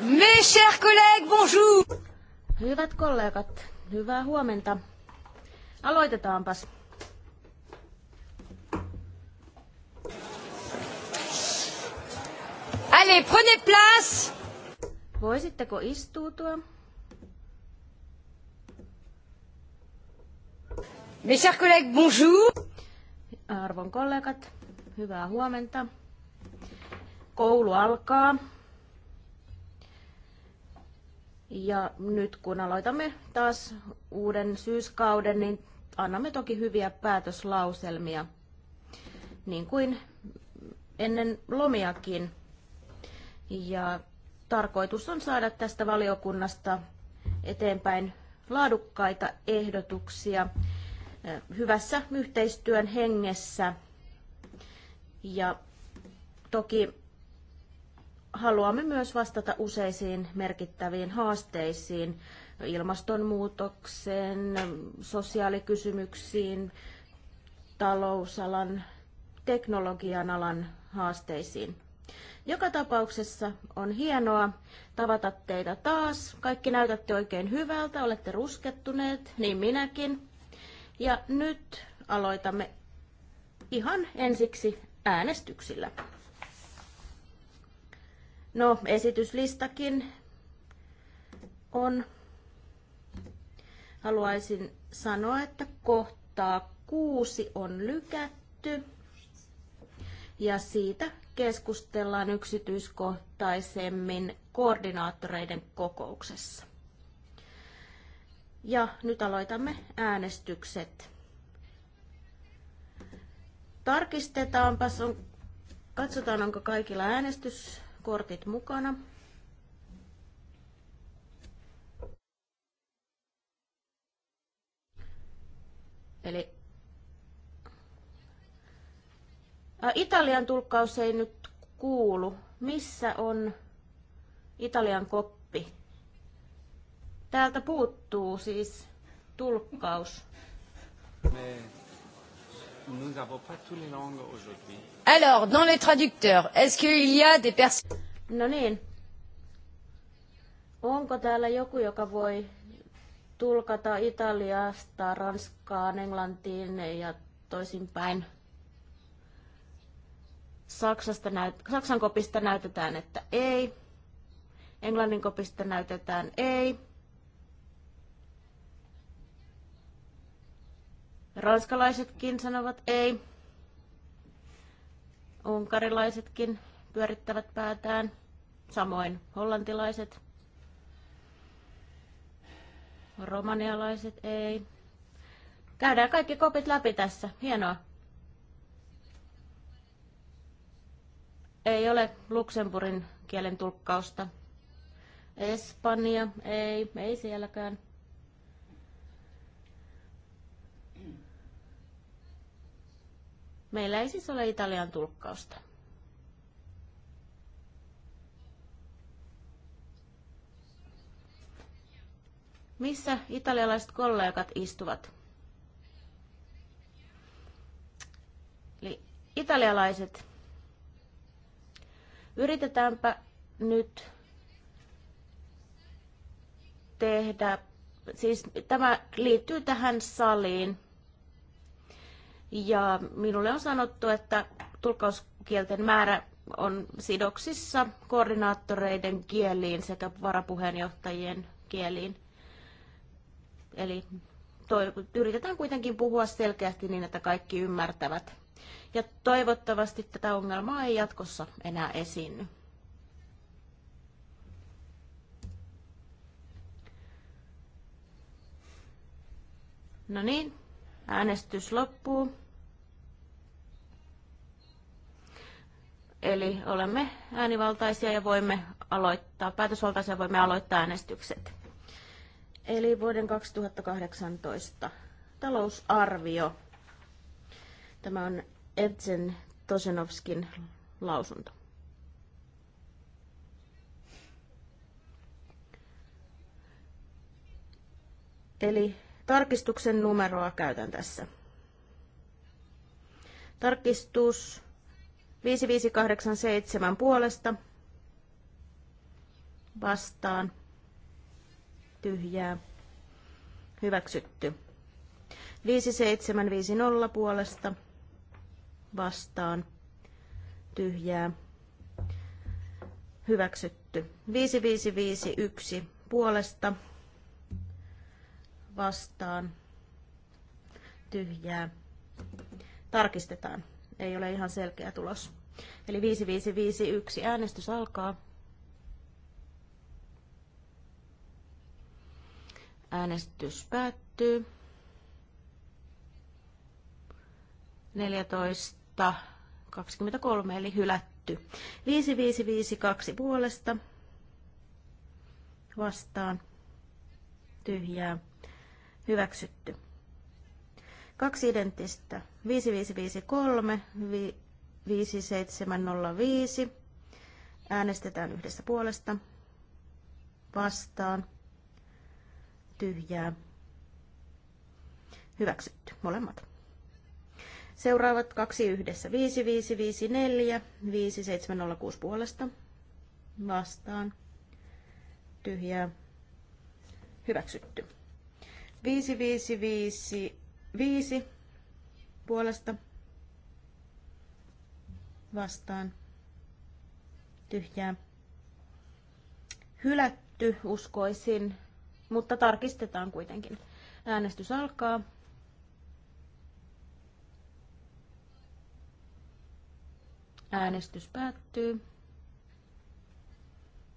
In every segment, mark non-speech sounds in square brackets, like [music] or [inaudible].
Mes chers collègues, bonjour! Hyvät kollegat, hyvää huomenta. Aloitetaanpas. Allez, prenez place! Voisitteko istuutua? Mes chers collègues, bonjour! Arvon kollegat, hyvää huomenta. Koulu alkaa. Ja nyt kun aloitamme taas uuden syyskauden, niin annamme toki hyviä päätöslauselmia, niin kuin ennen lomiakin. Ja tarkoitus on saada tästä valiokunnasta eteenpäin laadukkaita ehdotuksia hyvässä yhteistyön hengessä. Ja toki haluamme myös vastata useisiin merkittäviin haasteisiin, ilmastonmuutokseen, sosiaalikysymyksiin, talousalan, teknologian alan haasteisiin. Joka tapauksessa on hienoa tavata teitä taas. Kaikki näytätte oikein hyvältä, olette ruskettuneet, niin minäkin. Ja nyt aloitamme ihan ensiksi äänestyksillä. No, esityslistakin on. Haluaisin sanoa, että kohtaa kuusi on lykätty ja siitä keskustellaan yksityiskohtaisemmin koordinaattoreiden kokouksessa. Ja nyt aloitamme äänestykset. Tarkistetaanpas, on, katsotaan onko kaikilla äänestys kortit mukana. Eli äh, Italian tulkkaus ei nyt kuulu. Missä on Italian koppi? Täältä puuttuu siis tulkkaus. Me nous n'avons pas toutes les langues aujourd'hui. Alors, dans les traducteurs, est-ce qu'il y a des personnes... No niin. Onko täällä joku, joka voi tulkata Italiasta, Ranskaan, Englantiin ja toisinpäin? Saksasta näyt- Saksan kopista näytetään, että ei. Englannin kopista näytetään ei. Ranskalaisetkin sanovat ei. Unkarilaisetkin pyörittävät päätään. Samoin hollantilaiset. Romanialaiset ei. Käydään kaikki kopit läpi tässä. Hienoa. Ei ole Luxemburgin kielen tulkkausta. Espanja, ei, ei sielläkään. Meillä ei siis ole Italian tulkkausta. Missä italialaiset kollegat istuvat? Eli italialaiset, yritetäänpä nyt tehdä, siis tämä liittyy tähän saliin. Ja minulle on sanottu, että tulkauskielten määrä on sidoksissa koordinaattoreiden kieliin sekä varapuheenjohtajien kieliin. Eli toi, yritetään kuitenkin puhua selkeästi niin, että kaikki ymmärtävät. Ja toivottavasti tätä ongelmaa ei jatkossa enää esiinny. No niin, Äänestys loppuu. Eli olemme äänivaltaisia ja voimme aloittaa, päätösvaltaisia voimme aloittaa äänestykset. Eli vuoden 2018 talousarvio. Tämä on Edsen Tosenovskin lausunto. Eli Tarkistuksen numeroa käytän tässä. Tarkistus 5587 puolesta vastaan tyhjää hyväksytty. 5750 puolesta vastaan tyhjää hyväksytty. 5551 puolesta vastaan tyhjää. Tarkistetaan. Ei ole ihan selkeä tulos. Eli 5551 äänestys alkaa. Äänestys päättyy. 14, 23 eli hylätty. 5552 puolesta vastaan tyhjää Hyväksytty. Kaksi identtistä. 5553, 5705. Äänestetään yhdessä puolesta. Vastaan. Tyhjää. Hyväksytty. Molemmat. Seuraavat kaksi yhdessä. 5554, 5706 puolesta. Vastaan. Tyhjää. Hyväksytty. 5, 5, 5, 5 puolesta vastaan tyhjää. Hylätty uskoisin, mutta tarkistetaan kuitenkin. Äänestys alkaa. Äänestys päättyy.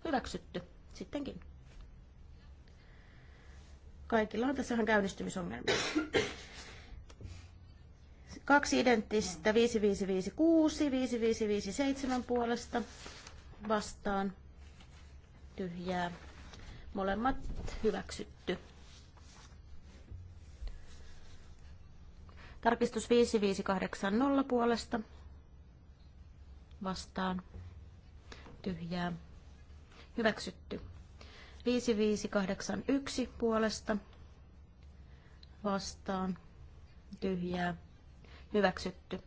Hyväksytty sittenkin. Kaikilla on tässä ihan käynnistymisongelmia. Kaksi identtistä 5556, 5557 puolesta vastaan tyhjää. Molemmat hyväksytty. Tarkistus 5580 puolesta vastaan tyhjää. Hyväksytty. 5581 puolesta vastaan tyhjää hyväksytty.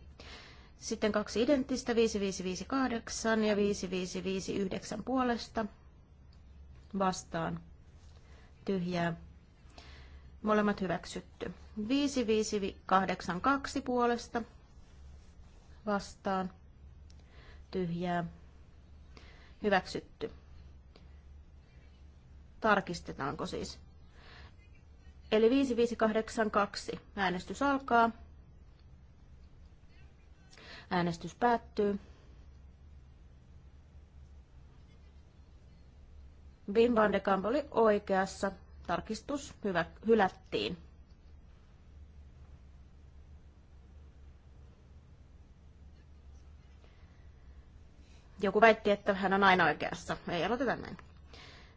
Sitten kaksi identtistä 5558 ja 5559 puolesta vastaan tyhjää molemmat hyväksytty. 5582 puolesta vastaan tyhjää hyväksytty. Tarkistetaanko siis? Eli 5582. Äänestys alkaa. Äänestys päättyy. Bin van de Kamp oli oikeassa. Tarkistus hyvä, hylättiin. Joku väitti, että hän on aina oikeassa. Ei aloiteta näin.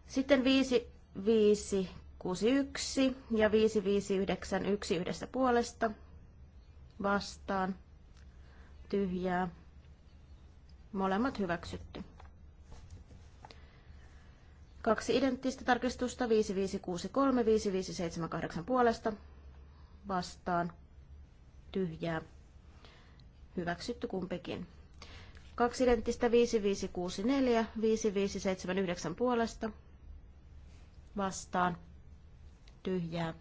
Sitten 5561 ja 5591 yhdessä puolesta vastaan tyhjää. Molemmat hyväksytty. Kaksi identtistä tarkistusta 5563 5578 puolesta vastaan tyhjää. Hyväksytty kumpikin. Kaksi identtistä 5564 5579 puolesta vastaan tyhjää.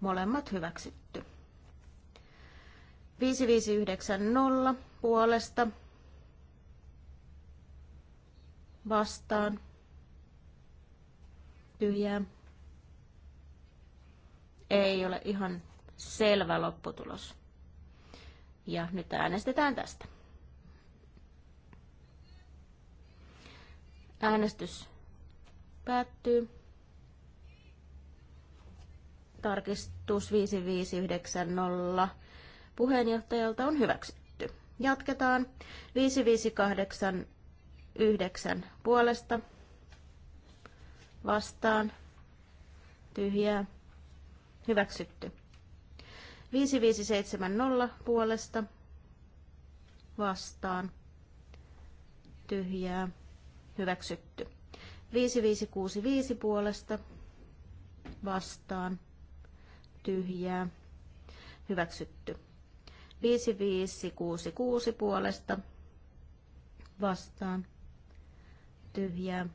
Molemmat hyväksytty. 5590 puolesta vastaan tyhjää. Ei ole ihan selvä lopputulos. Ja nyt äänestetään tästä. Äänestys Päättyy. Tarkistus 5590 puheenjohtajalta on hyväksytty. Jatketaan 5589 puolesta vastaan tyhjää hyväksytty. 5570 puolesta vastaan tyhjää hyväksytty. 5565 puolesta vastaan tyhjää hyväksytty. 5566 puolesta vastaan tyhjää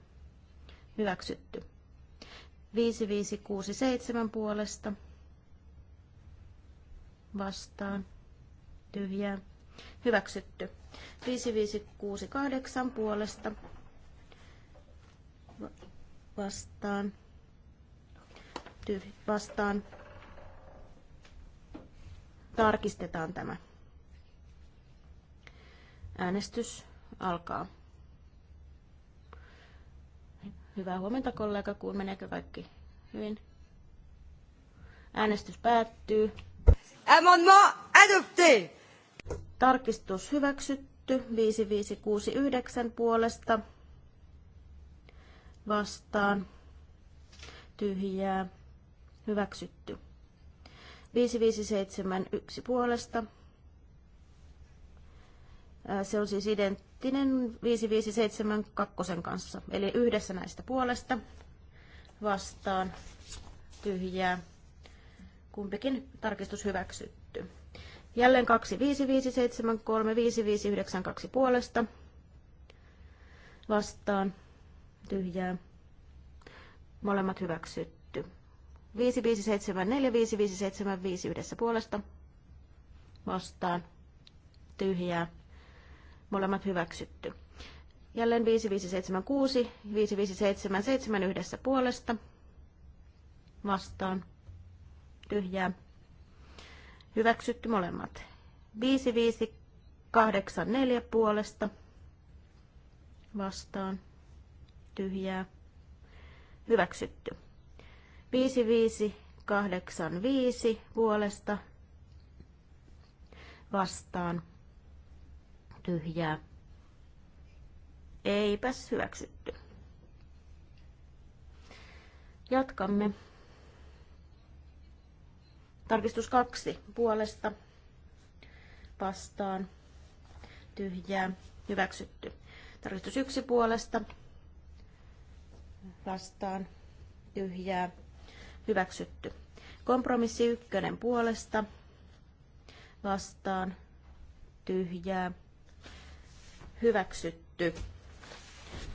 hyväksytty. 5567 puolesta vastaan tyhjää hyväksytty. 5568 puolesta vastaan, tyh, vastaan. Tarkistetaan tämä. Äänestys alkaa. Hyvää huomenta kollega, kun meneekö kaikki hyvin? Äänestys päättyy. Amendement adopté. Tarkistus hyväksytty 5569 puolesta vastaan tyhjää hyväksytty. 557 yksi puolesta. Se on siis identtinen 557 kakkosen kanssa, eli yhdessä näistä puolesta vastaan tyhjää. Kumpikin tarkistus hyväksytty. Jälleen 25573 5592 puolesta vastaan tyhjää. Molemmat hyväksytty. 5574, 5575 yhdessä puolesta vastaan tyhjää. Molemmat hyväksytty. Jälleen 5576, 5577 yhdessä puolesta vastaan tyhjää. Hyväksytty molemmat. 5584 puolesta vastaan tyhjää, hyväksytty. 5585 puolesta vastaan tyhjää. Eipäs hyväksytty. Jatkamme. Tarkistus kaksi puolesta vastaan tyhjää hyväksytty. Tarkistus yksi puolesta vastaan tyhjää hyväksytty. Kompromissi ykkönen puolesta vastaan tyhjää hyväksytty.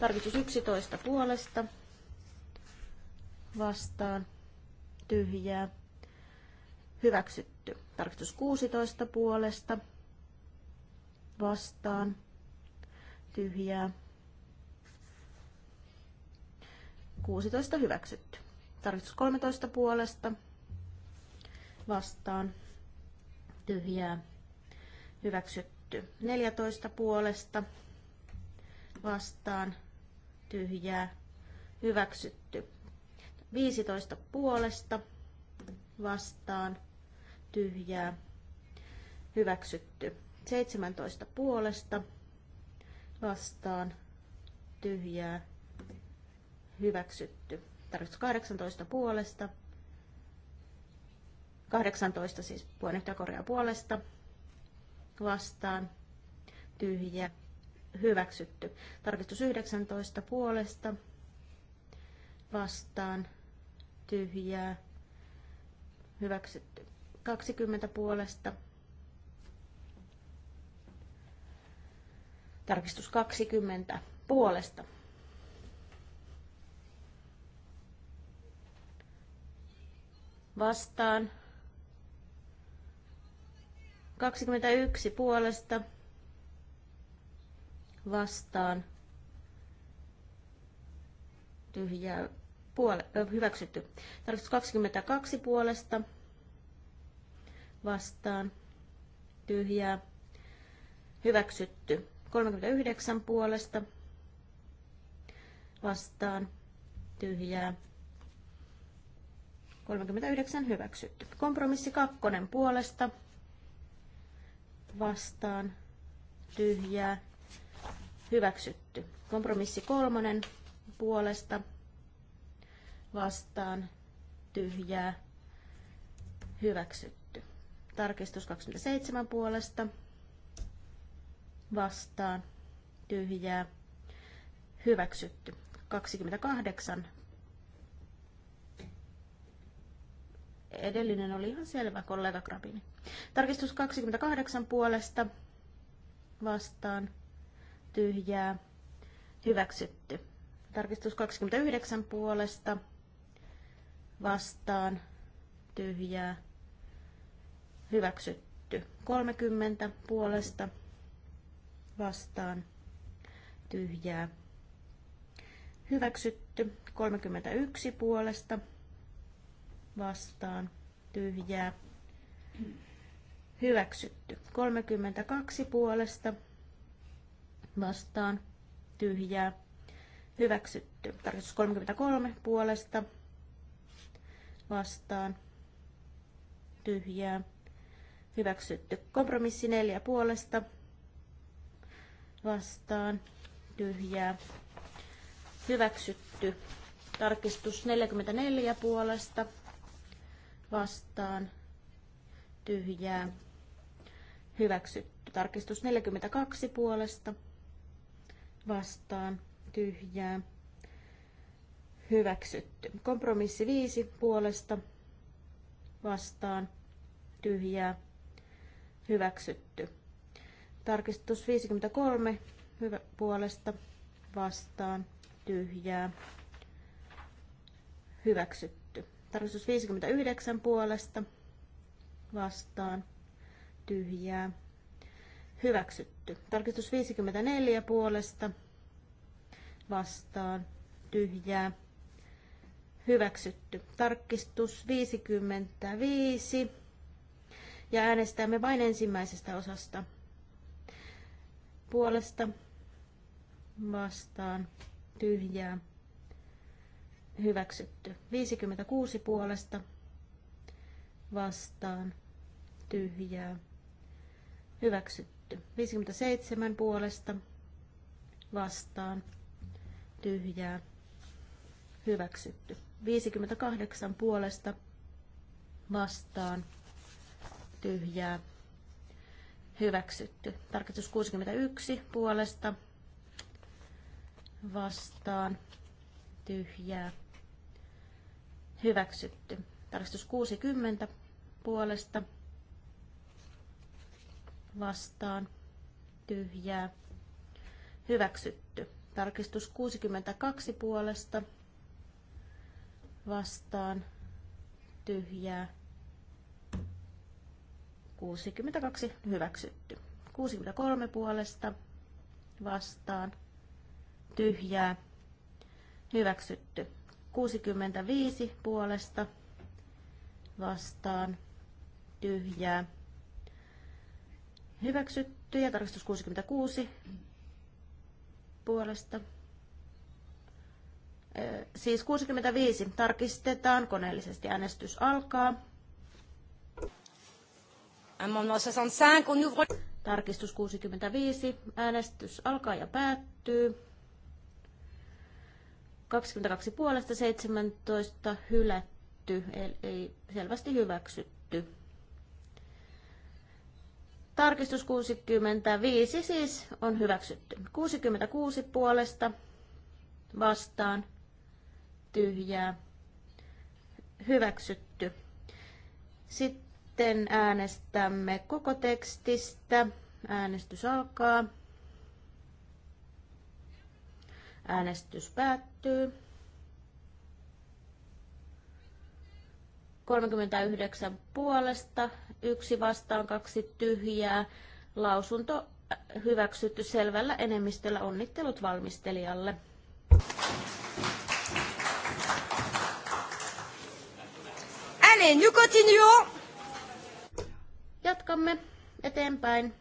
Tarkistus 11 puolesta vastaan tyhjää hyväksytty. Tarkistus 16 puolesta vastaan tyhjää 16 hyväksytty. Tarkistus 13 puolesta vastaan tyhjää hyväksytty. 14 puolesta vastaan tyhjää hyväksytty. 15 puolesta vastaan tyhjää hyväksytty. 17 puolesta vastaan tyhjää hyväksytty. Tarkoitus 18 puolesta. 18 siis puheenjohtajakorjaa puolesta vastaan tyhjä hyväksytty. Tarkistus 19 puolesta vastaan tyhjää hyväksytty. 20 puolesta tarkistus 20 puolesta vastaan. 21 puolesta vastaan. tyhjä puole- hyväksytty. Tarkoitus 22 puolesta vastaan. Tyhjää hyväksytty. 39 puolesta vastaan. Tyhjää 39 hyväksytty. Kompromissi kakkonen puolesta vastaan tyhjää hyväksytty. Kompromissi kolmonen puolesta vastaan tyhjää hyväksytty. Tarkistus 27 puolesta vastaan tyhjää hyväksytty. 28 edellinen oli ihan selvä, kollega Grabini. Tarkistus 28 puolesta vastaan tyhjää hyväksytty. Tarkistus 29 puolesta vastaan tyhjää hyväksytty. 30 puolesta vastaan tyhjää hyväksytty. 31 puolesta vastaan tyhjää hyväksytty. 32 puolesta vastaan tyhjää hyväksytty. Tarkistus 33 puolesta vastaan tyhjää hyväksytty. Kompromissi 4 puolesta vastaan tyhjää hyväksytty. Tarkistus 44 puolesta vastaan tyhjää hyväksytty. Tarkistus 42 puolesta vastaan tyhjää hyväksytty. Kompromissi 5 puolesta vastaan tyhjää hyväksytty. Tarkistus 53 hyvä, puolesta vastaan tyhjää hyväksytty. Tarkistus 59 puolesta vastaan tyhjää. Hyväksytty. Tarkistus 54 puolesta vastaan tyhjää. Hyväksytty. Tarkistus 55. Ja äänestämme vain ensimmäisestä osasta. Puolesta vastaan tyhjää hyväksytty. 56 puolesta vastaan tyhjää hyväksytty. 57 puolesta vastaan tyhjää hyväksytty. 58 puolesta vastaan tyhjää hyväksytty. Tarkastus 61 puolesta vastaan tyhjää hyväksytty. Tarkistus 60 puolesta vastaan tyhjää hyväksytty. Tarkistus 62 puolesta vastaan tyhjää 62 hyväksytty. 63 puolesta vastaan tyhjää hyväksytty. 65 puolesta vastaan tyhjää. Hyväksytty ja tarkistus 66 puolesta. Siis 65 tarkistetaan koneellisesti. Äänestys alkaa. Tarkistus 65. Äänestys alkaa ja päättyy. 22 puolesta 17 hylätty, eli selvästi hyväksytty. Tarkistus 65 siis on hyväksytty. 66 puolesta vastaan tyhjää hyväksytty. Sitten äänestämme koko tekstistä. Äänestys alkaa. Äänestys päättyy. 39 puolesta, yksi vastaan, kaksi tyhjää. Lausunto äh, hyväksytty selvällä enemmistöllä. Onnittelut valmistelijalle. Allez, nous continuons. Jatkamme eteenpäin.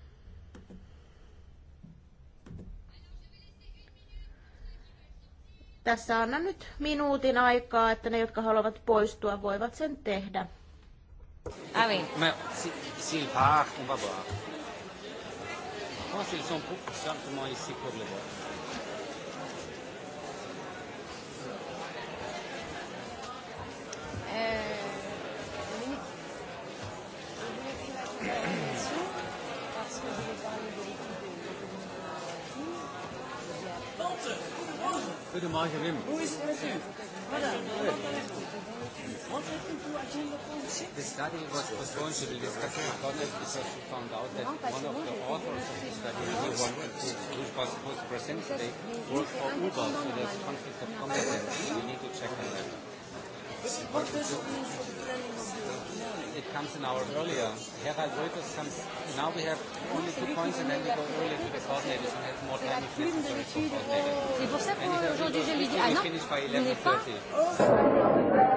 Tässä annan nyt minuutin aikaa, että ne, jotka haluavat poistua, voivat sen tehdä. Ah oui. Mais s'ils partent, on va voir. Je pense qu'ils sont simplement eh, ici pour le voir. Euh... Goedemorgen Wim. Hoe is het met u? What happened to agenda point six? The study was postponed to the discussion of Congress because we found out that one of the authors of the study, the one who was supposed to present today, worked for Uber, so there's conflict of competence. We need to check on that. What does das mean ein the it comes an hour earlier. Herald Reuters comes, now we have only two points and then we go earlier to the coordinators and have more time if necessary for coordinators. And if ça qu'aujourd'hui je lui dis, ah non, on n'est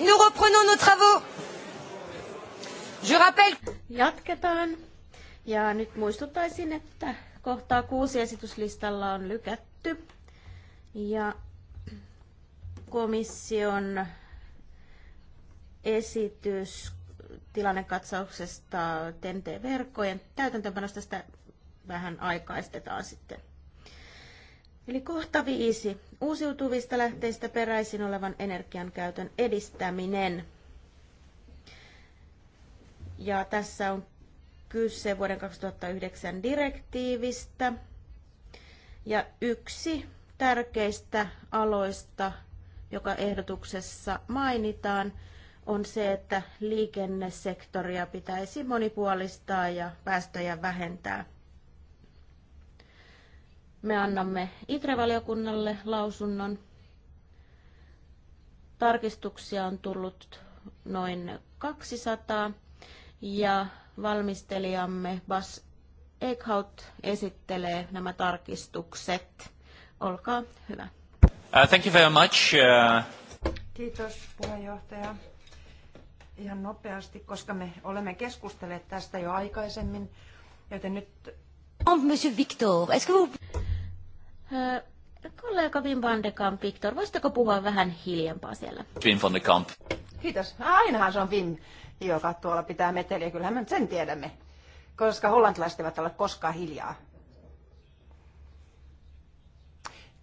nous reprenons nos travaux. Je rappelle... Jatketaan. Ja nyt muistuttaisin, että kohtaa kuusi esityslistalla on lykätty. Ja komission esitys tilannekatsauksesta TNT-verkkojen täytäntöönpanosta sitä vähän aikaistetaan sitten. Eli kohta viisi. Uusiutuvista lähteistä peräisin olevan energian käytön edistäminen. Ja tässä on kyse vuoden 2009 direktiivistä. Ja yksi tärkeistä aloista, joka ehdotuksessa mainitaan, on se, että liikennesektoria pitäisi monipuolistaa ja päästöjä vähentää. Me annamme ITRE-valiokunnalle lausunnon. Tarkistuksia on tullut noin 200 ja valmistelijamme Bas Eichhout esittelee nämä tarkistukset. Olkaa hyvä. Uh, thank you very much. Uh... Kiitos puheenjohtaja. Ihan nopeasti, koska me olemme keskustelleet tästä jo aikaisemmin, joten nyt... Monsieur Victor, est-ce que vous... Äh, kollega Wim van de Kamp, Victor, voisitteko puhua vähän hiljempaa siellä? Wim van de Kamp. Kiitos. Ainahan se on Wim, joka tuolla pitää meteliä. Kyllähän me sen tiedämme, koska hollantilaiset eivät ole koskaan hiljaa.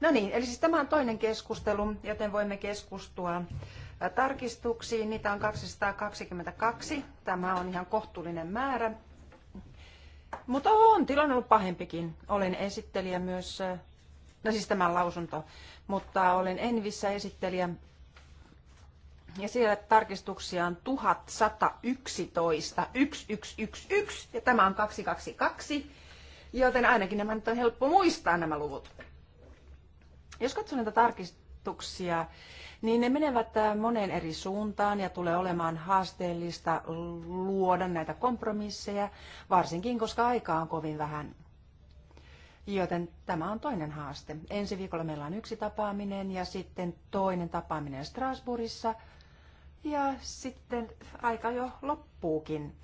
No niin, eli siis tämä on toinen keskustelu, joten voimme keskustua äh, tarkistuksiin. Niitä on 222. Tämä on ihan kohtuullinen määrä. Mutta on tilanne ollut pahempikin. Olen esittelijä myös äh, no siis tämä lausunto, mutta olen Envissä esittelijä. Ja siellä tarkistuksia on 1111, 1111 ja tämä on 222, joten ainakin nämä nyt on helppo muistaa nämä luvut. Jos katson näitä tarkistuksia, niin ne menevät äh, moneen eri suuntaan ja tulee olemaan haasteellista luoda näitä kompromisseja, varsinkin koska aikaa on kovin vähän. Joten tämä on toinen haaste. Ensi viikolla meillä on yksi tapaaminen ja sitten toinen tapaaminen Strasbourgissa. Ja sitten aika jo loppuukin.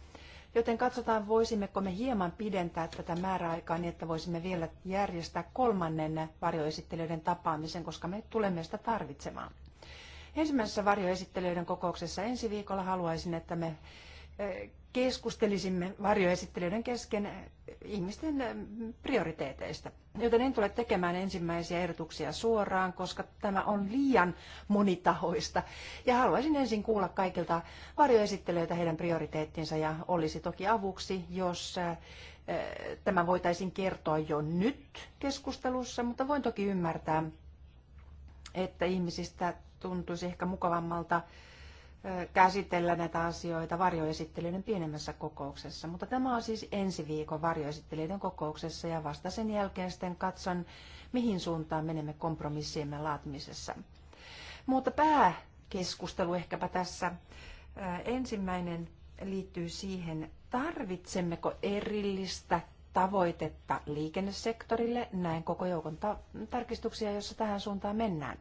Joten katsotaan, voisimmeko me hieman pidentää tätä määräaikaa niin, että voisimme vielä järjestää kolmannen varjoesittelijöiden tapaamisen, koska me tulemme sitä tarvitsemaan. Ensimmäisessä varjoesittelijöiden kokouksessa ensi viikolla haluaisin, että me keskustelisimme varjoesittelijöiden kesken ihmisten prioriteeteista. Joten en tule tekemään ensimmäisiä ehdotuksia suoraan, koska tämä on liian monitahoista. Ja haluaisin ensin kuulla kaikilta varjoesittelijöitä heidän prioriteettinsa ja olisi toki avuksi, jos tämä voitaisiin kertoa jo nyt keskustelussa, mutta voin toki ymmärtää, että ihmisistä tuntuisi ehkä mukavammalta käsitellä näitä asioita varjoesittelyiden pienemmässä kokouksessa. Mutta tämä on siis ensi viikon varjoesittelyiden kokouksessa ja vasta sen jälkeen sitten katson, mihin suuntaan menemme kompromissiemme laatimisessa. Mutta pääkeskustelu ehkäpä tässä. Ensimmäinen liittyy siihen, tarvitsemmeko erillistä tavoitetta liikennesektorille. Näin koko joukon tarkistuksia, jossa tähän suuntaan mennään.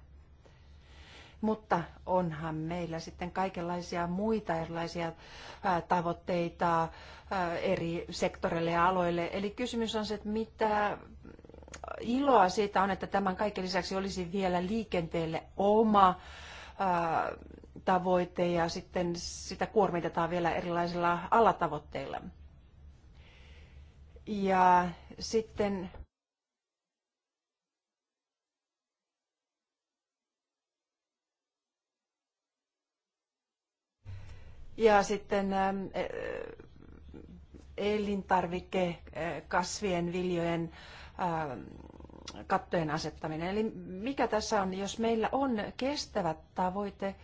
Mutta onhan meillä sitten kaikenlaisia muita erilaisia tavoitteita eri sektoreille ja aloille. Eli kysymys on se, että mitä iloa siitä on, että tämän kaiken lisäksi olisi vielä liikenteelle oma tavoite ja sitten sitä kuormitetaan vielä erilaisilla alatavoitteilla. Ja sitten Ja sitten ähm, eh, elintarvike, eh, kasvien, viljojen ähm, kattojen asettaminen. Eli mikä tässä on, jos meillä on kestävä tavoite,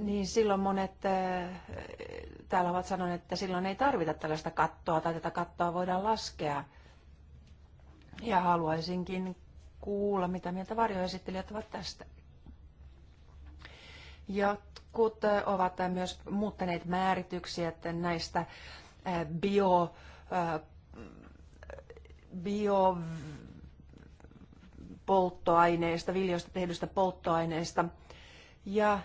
niin silloin monet eh, täällä ovat sanoneet, että silloin ei tarvita tällaista kattoa tai tätä kattoa voidaan laskea. Ja haluaisinkin kuulla, mitä mieltä varjoesittelijät ovat tästä. Jotkut eh, ovat myös muuttaneet määrityksiä että näistä eh, bio, eh, bio polttoaineista, viljoista tehdyistä polttoaineista. Ja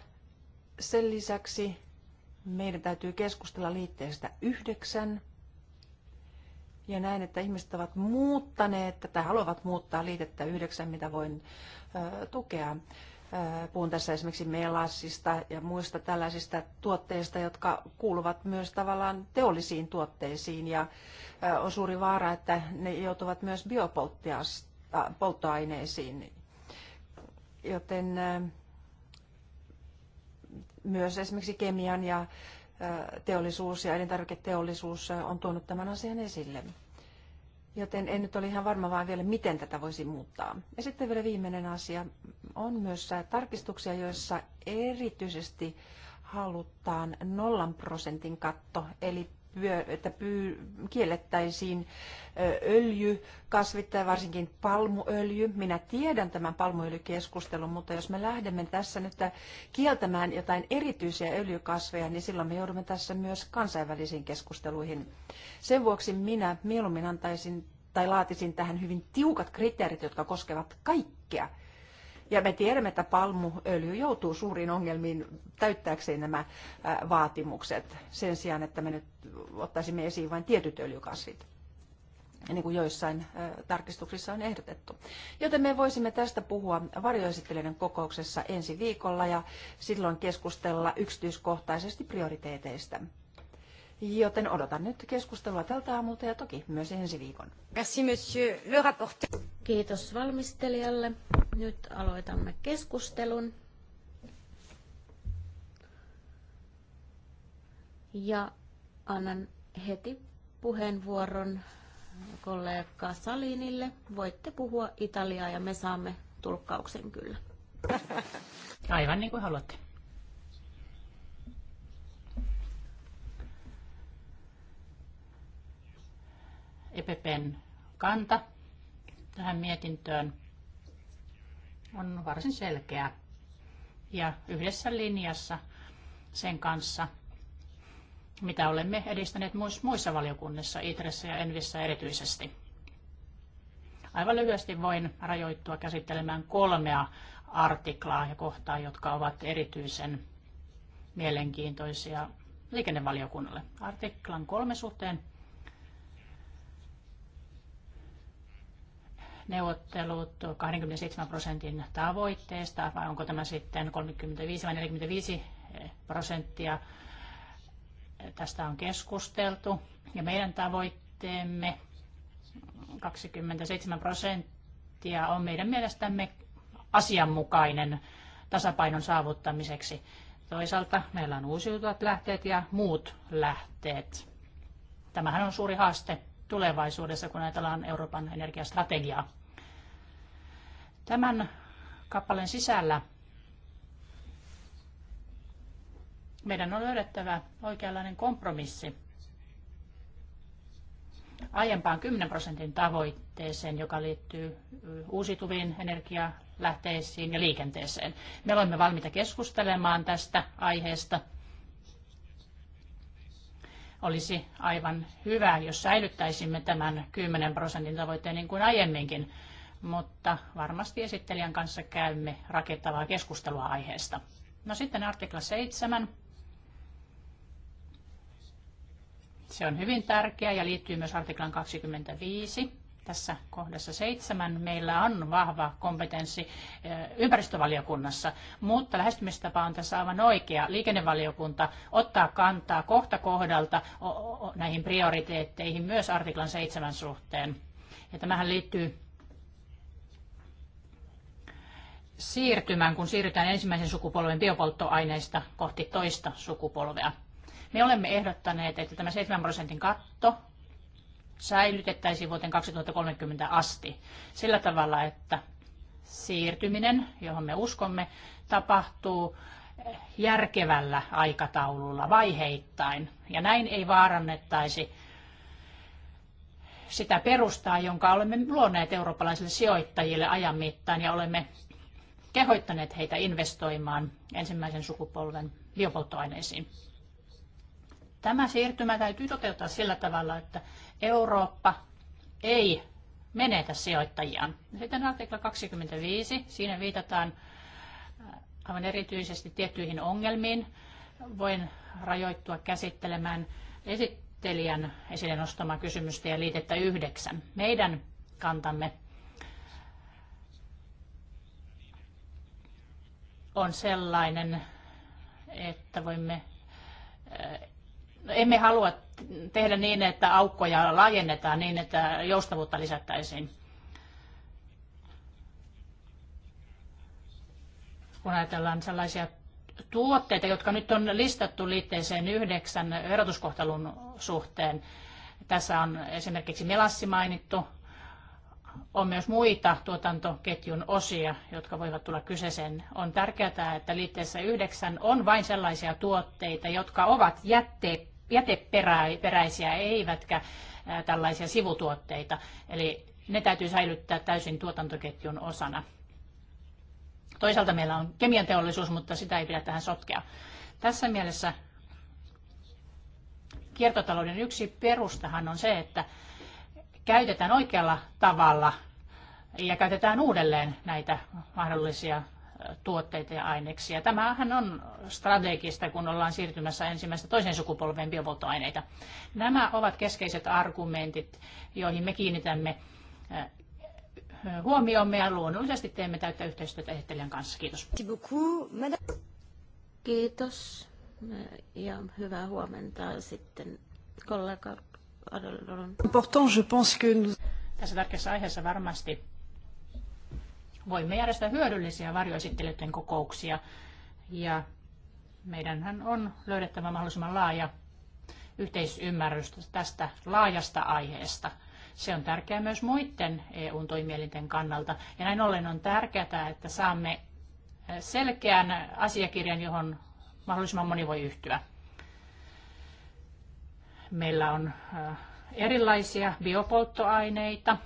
sen lisäksi meidän täytyy keskustella liitteestä yhdeksän. Ja näin, että ihmiset ovat muuttaneet tai haluavat muuttaa liitettä yhdeksän, mitä voin ö, tukea. Puhun tässä esimerkiksi melassista ja muista tällaisista tuotteista, jotka kuuluvat myös tavallaan teollisiin tuotteisiin ja on suuri vaara, että ne joutuvat myös biopolttoaineisiin. Joten myös esimerkiksi kemian ja teollisuus ja elintarviketeollisuus on tuonut tämän asian esille. Joten en nyt ole ihan varma vaan vielä, miten tätä voisi muuttaa. Ja sitten vielä viimeinen asia on myös tarkistuksia, joissa erityisesti halutaan nollan prosentin katto, eli että pyy, kiellettäisiin öljy, kasvittaa varsinkin palmuöljy. Minä tiedän tämän palmuöljykeskustelun, mutta jos me lähdemme tässä nyt kieltämään jotain erityisiä öljykasveja, niin silloin me joudumme tässä myös kansainvälisiin keskusteluihin. Sen vuoksi minä mieluummin antaisin tai laatisin tähän hyvin tiukat kriteerit, jotka koskevat kaikkea – ja me tiedämme, että palmuöljy joutuu suuriin ongelmiin täyttääkseen nämä vaatimukset sen sijaan, että me nyt ottaisimme esiin vain tietyt öljykasvit niin kuin joissain tarkistuksissa on ehdotettu. Joten me voisimme tästä puhua varjoesittelijöiden kokouksessa ensi viikolla ja silloin keskustella yksityiskohtaisesti prioriteeteista. Joten odotan nyt keskustelua tältä aamulta ja toki myös ensi viikon. Merci, monsieur le rapporteur. Kiitos valmistelijalle. Nyt aloitamme keskustelun. Ja annan heti puheenvuoron kollega Salinille. Voitte puhua italiaa ja me saamme tulkkauksen kyllä. [laughs] Aivan niin kuin haluatte. EPPn kanta tähän mietintöön on varsin selkeä ja yhdessä linjassa sen kanssa, mitä olemme edistäneet muissa valiokunnissa, ITRessä ja ENVissä erityisesti. Aivan lyhyesti voin rajoittua käsittelemään kolmea artiklaa ja kohtaa, jotka ovat erityisen mielenkiintoisia liikennevaliokunnalle. Artiklan kolme suhteen neuvottelut 27 prosentin tavoitteesta, vai onko tämä sitten 35 vai 45 prosenttia? Tästä on keskusteltu. Ja meidän tavoitteemme 27 prosenttia on meidän mielestämme asianmukainen tasapainon saavuttamiseksi. Toisaalta meillä on uusiutuvat lähteet ja muut lähteet. Tämähän on suuri haaste tulevaisuudessa, kun ajatellaan Euroopan energiastrategiaa. Tämän kappaleen sisällä meidän on löydettävä oikeanlainen kompromissi aiempaan 10 prosentin tavoitteeseen, joka liittyy uusituviin energialähteisiin ja liikenteeseen. Me olemme valmiita keskustelemaan tästä aiheesta – olisi aivan hyvä, jos säilyttäisimme tämän 10 prosentin tavoitteen niin kuin aiemminkin, mutta varmasti esittelijän kanssa käymme rakentavaa keskustelua aiheesta. No sitten artikla 7. Se on hyvin tärkeä ja liittyy myös artiklan 25 tässä kohdassa seitsemän meillä on vahva kompetenssi eh, ympäristövaliokunnassa, mutta lähestymistapa on tässä aivan oikea. Liikennevaliokunta ottaa kantaa kohta kohdalta näihin prioriteetteihin myös artiklan seitsemän suhteen. Ja tämähän liittyy siirtymään, kun siirrytään ensimmäisen sukupolven biopolttoaineista kohti toista sukupolvea. Me olemme ehdottaneet, että tämä 7 prosentin katto säilytettäisiin vuoteen 2030 asti sillä tavalla, että siirtyminen, johon me uskomme, tapahtuu järkevällä aikataululla vaiheittain. Ja näin ei vaarannettaisi sitä perustaa, jonka olemme luoneet eurooppalaisille sijoittajille ajan mittaan ja olemme kehoittaneet heitä investoimaan ensimmäisen sukupolven biopolttoaineisiin. Tämä siirtymä täytyy toteuttaa sillä tavalla, että Eurooppa ei menetä sijoittajiaan. Sitten artikla 25, siinä viitataan äh, aivan erityisesti tiettyihin ongelmiin. Voin rajoittua käsittelemään esittelijän esille nostamaa kysymystä ja liitettä yhdeksän. Meidän kantamme on sellainen, että voimme äh, emme halua tehdä niin, että aukkoja laajennetaan niin, että joustavuutta lisättäisiin. Kun ajatellaan sellaisia tuotteita, jotka nyt on listattu liitteeseen yhdeksän verotuskohtelun suhteen, tässä on esimerkiksi melassi mainittu, on myös muita tuotantoketjun osia, jotka voivat tulla kyseeseen. On tärkeää, että liitteessä yhdeksän on vain sellaisia tuotteita, jotka ovat jätteet jäteperäisiä eivätkä tällaisia sivutuotteita. Eli ne täytyy säilyttää täysin tuotantoketjun osana. Toisaalta meillä on kemian teollisuus, mutta sitä ei pidä tähän sotkea. Tässä mielessä kiertotalouden yksi perustahan on se, että käytetään oikealla tavalla ja käytetään uudelleen näitä mahdollisia tuotteita ja aineksia. Tämähän on strategista, kun ollaan siirtymässä ensimmäistä toisen sukupolven biopolttoaineita. Nämä ovat keskeiset argumentit, joihin me kiinnitämme eh, huomiomme ja luonnollisesti teemme täyttä yhteistyötä esittelijän kanssa. Kiitos. Kiitos ja hyvää huomenta sitten kollega Adelon. Important, je pense que nous... Tässä tärkeässä aiheessa varmasti voimme järjestää hyödyllisiä varjoesittelyiden kokouksia. Ja meidänhän on löydettävä mahdollisimman laaja yhteisymmärrys tästä laajasta aiheesta. Se on tärkeää myös muiden EU-toimielinten kannalta. Ja näin ollen on tärkeää, että saamme eh, selkeän asiakirjan, johon mahdollisimman moni voi yhtyä. Meillä on eh, erilaisia biopolttoaineita,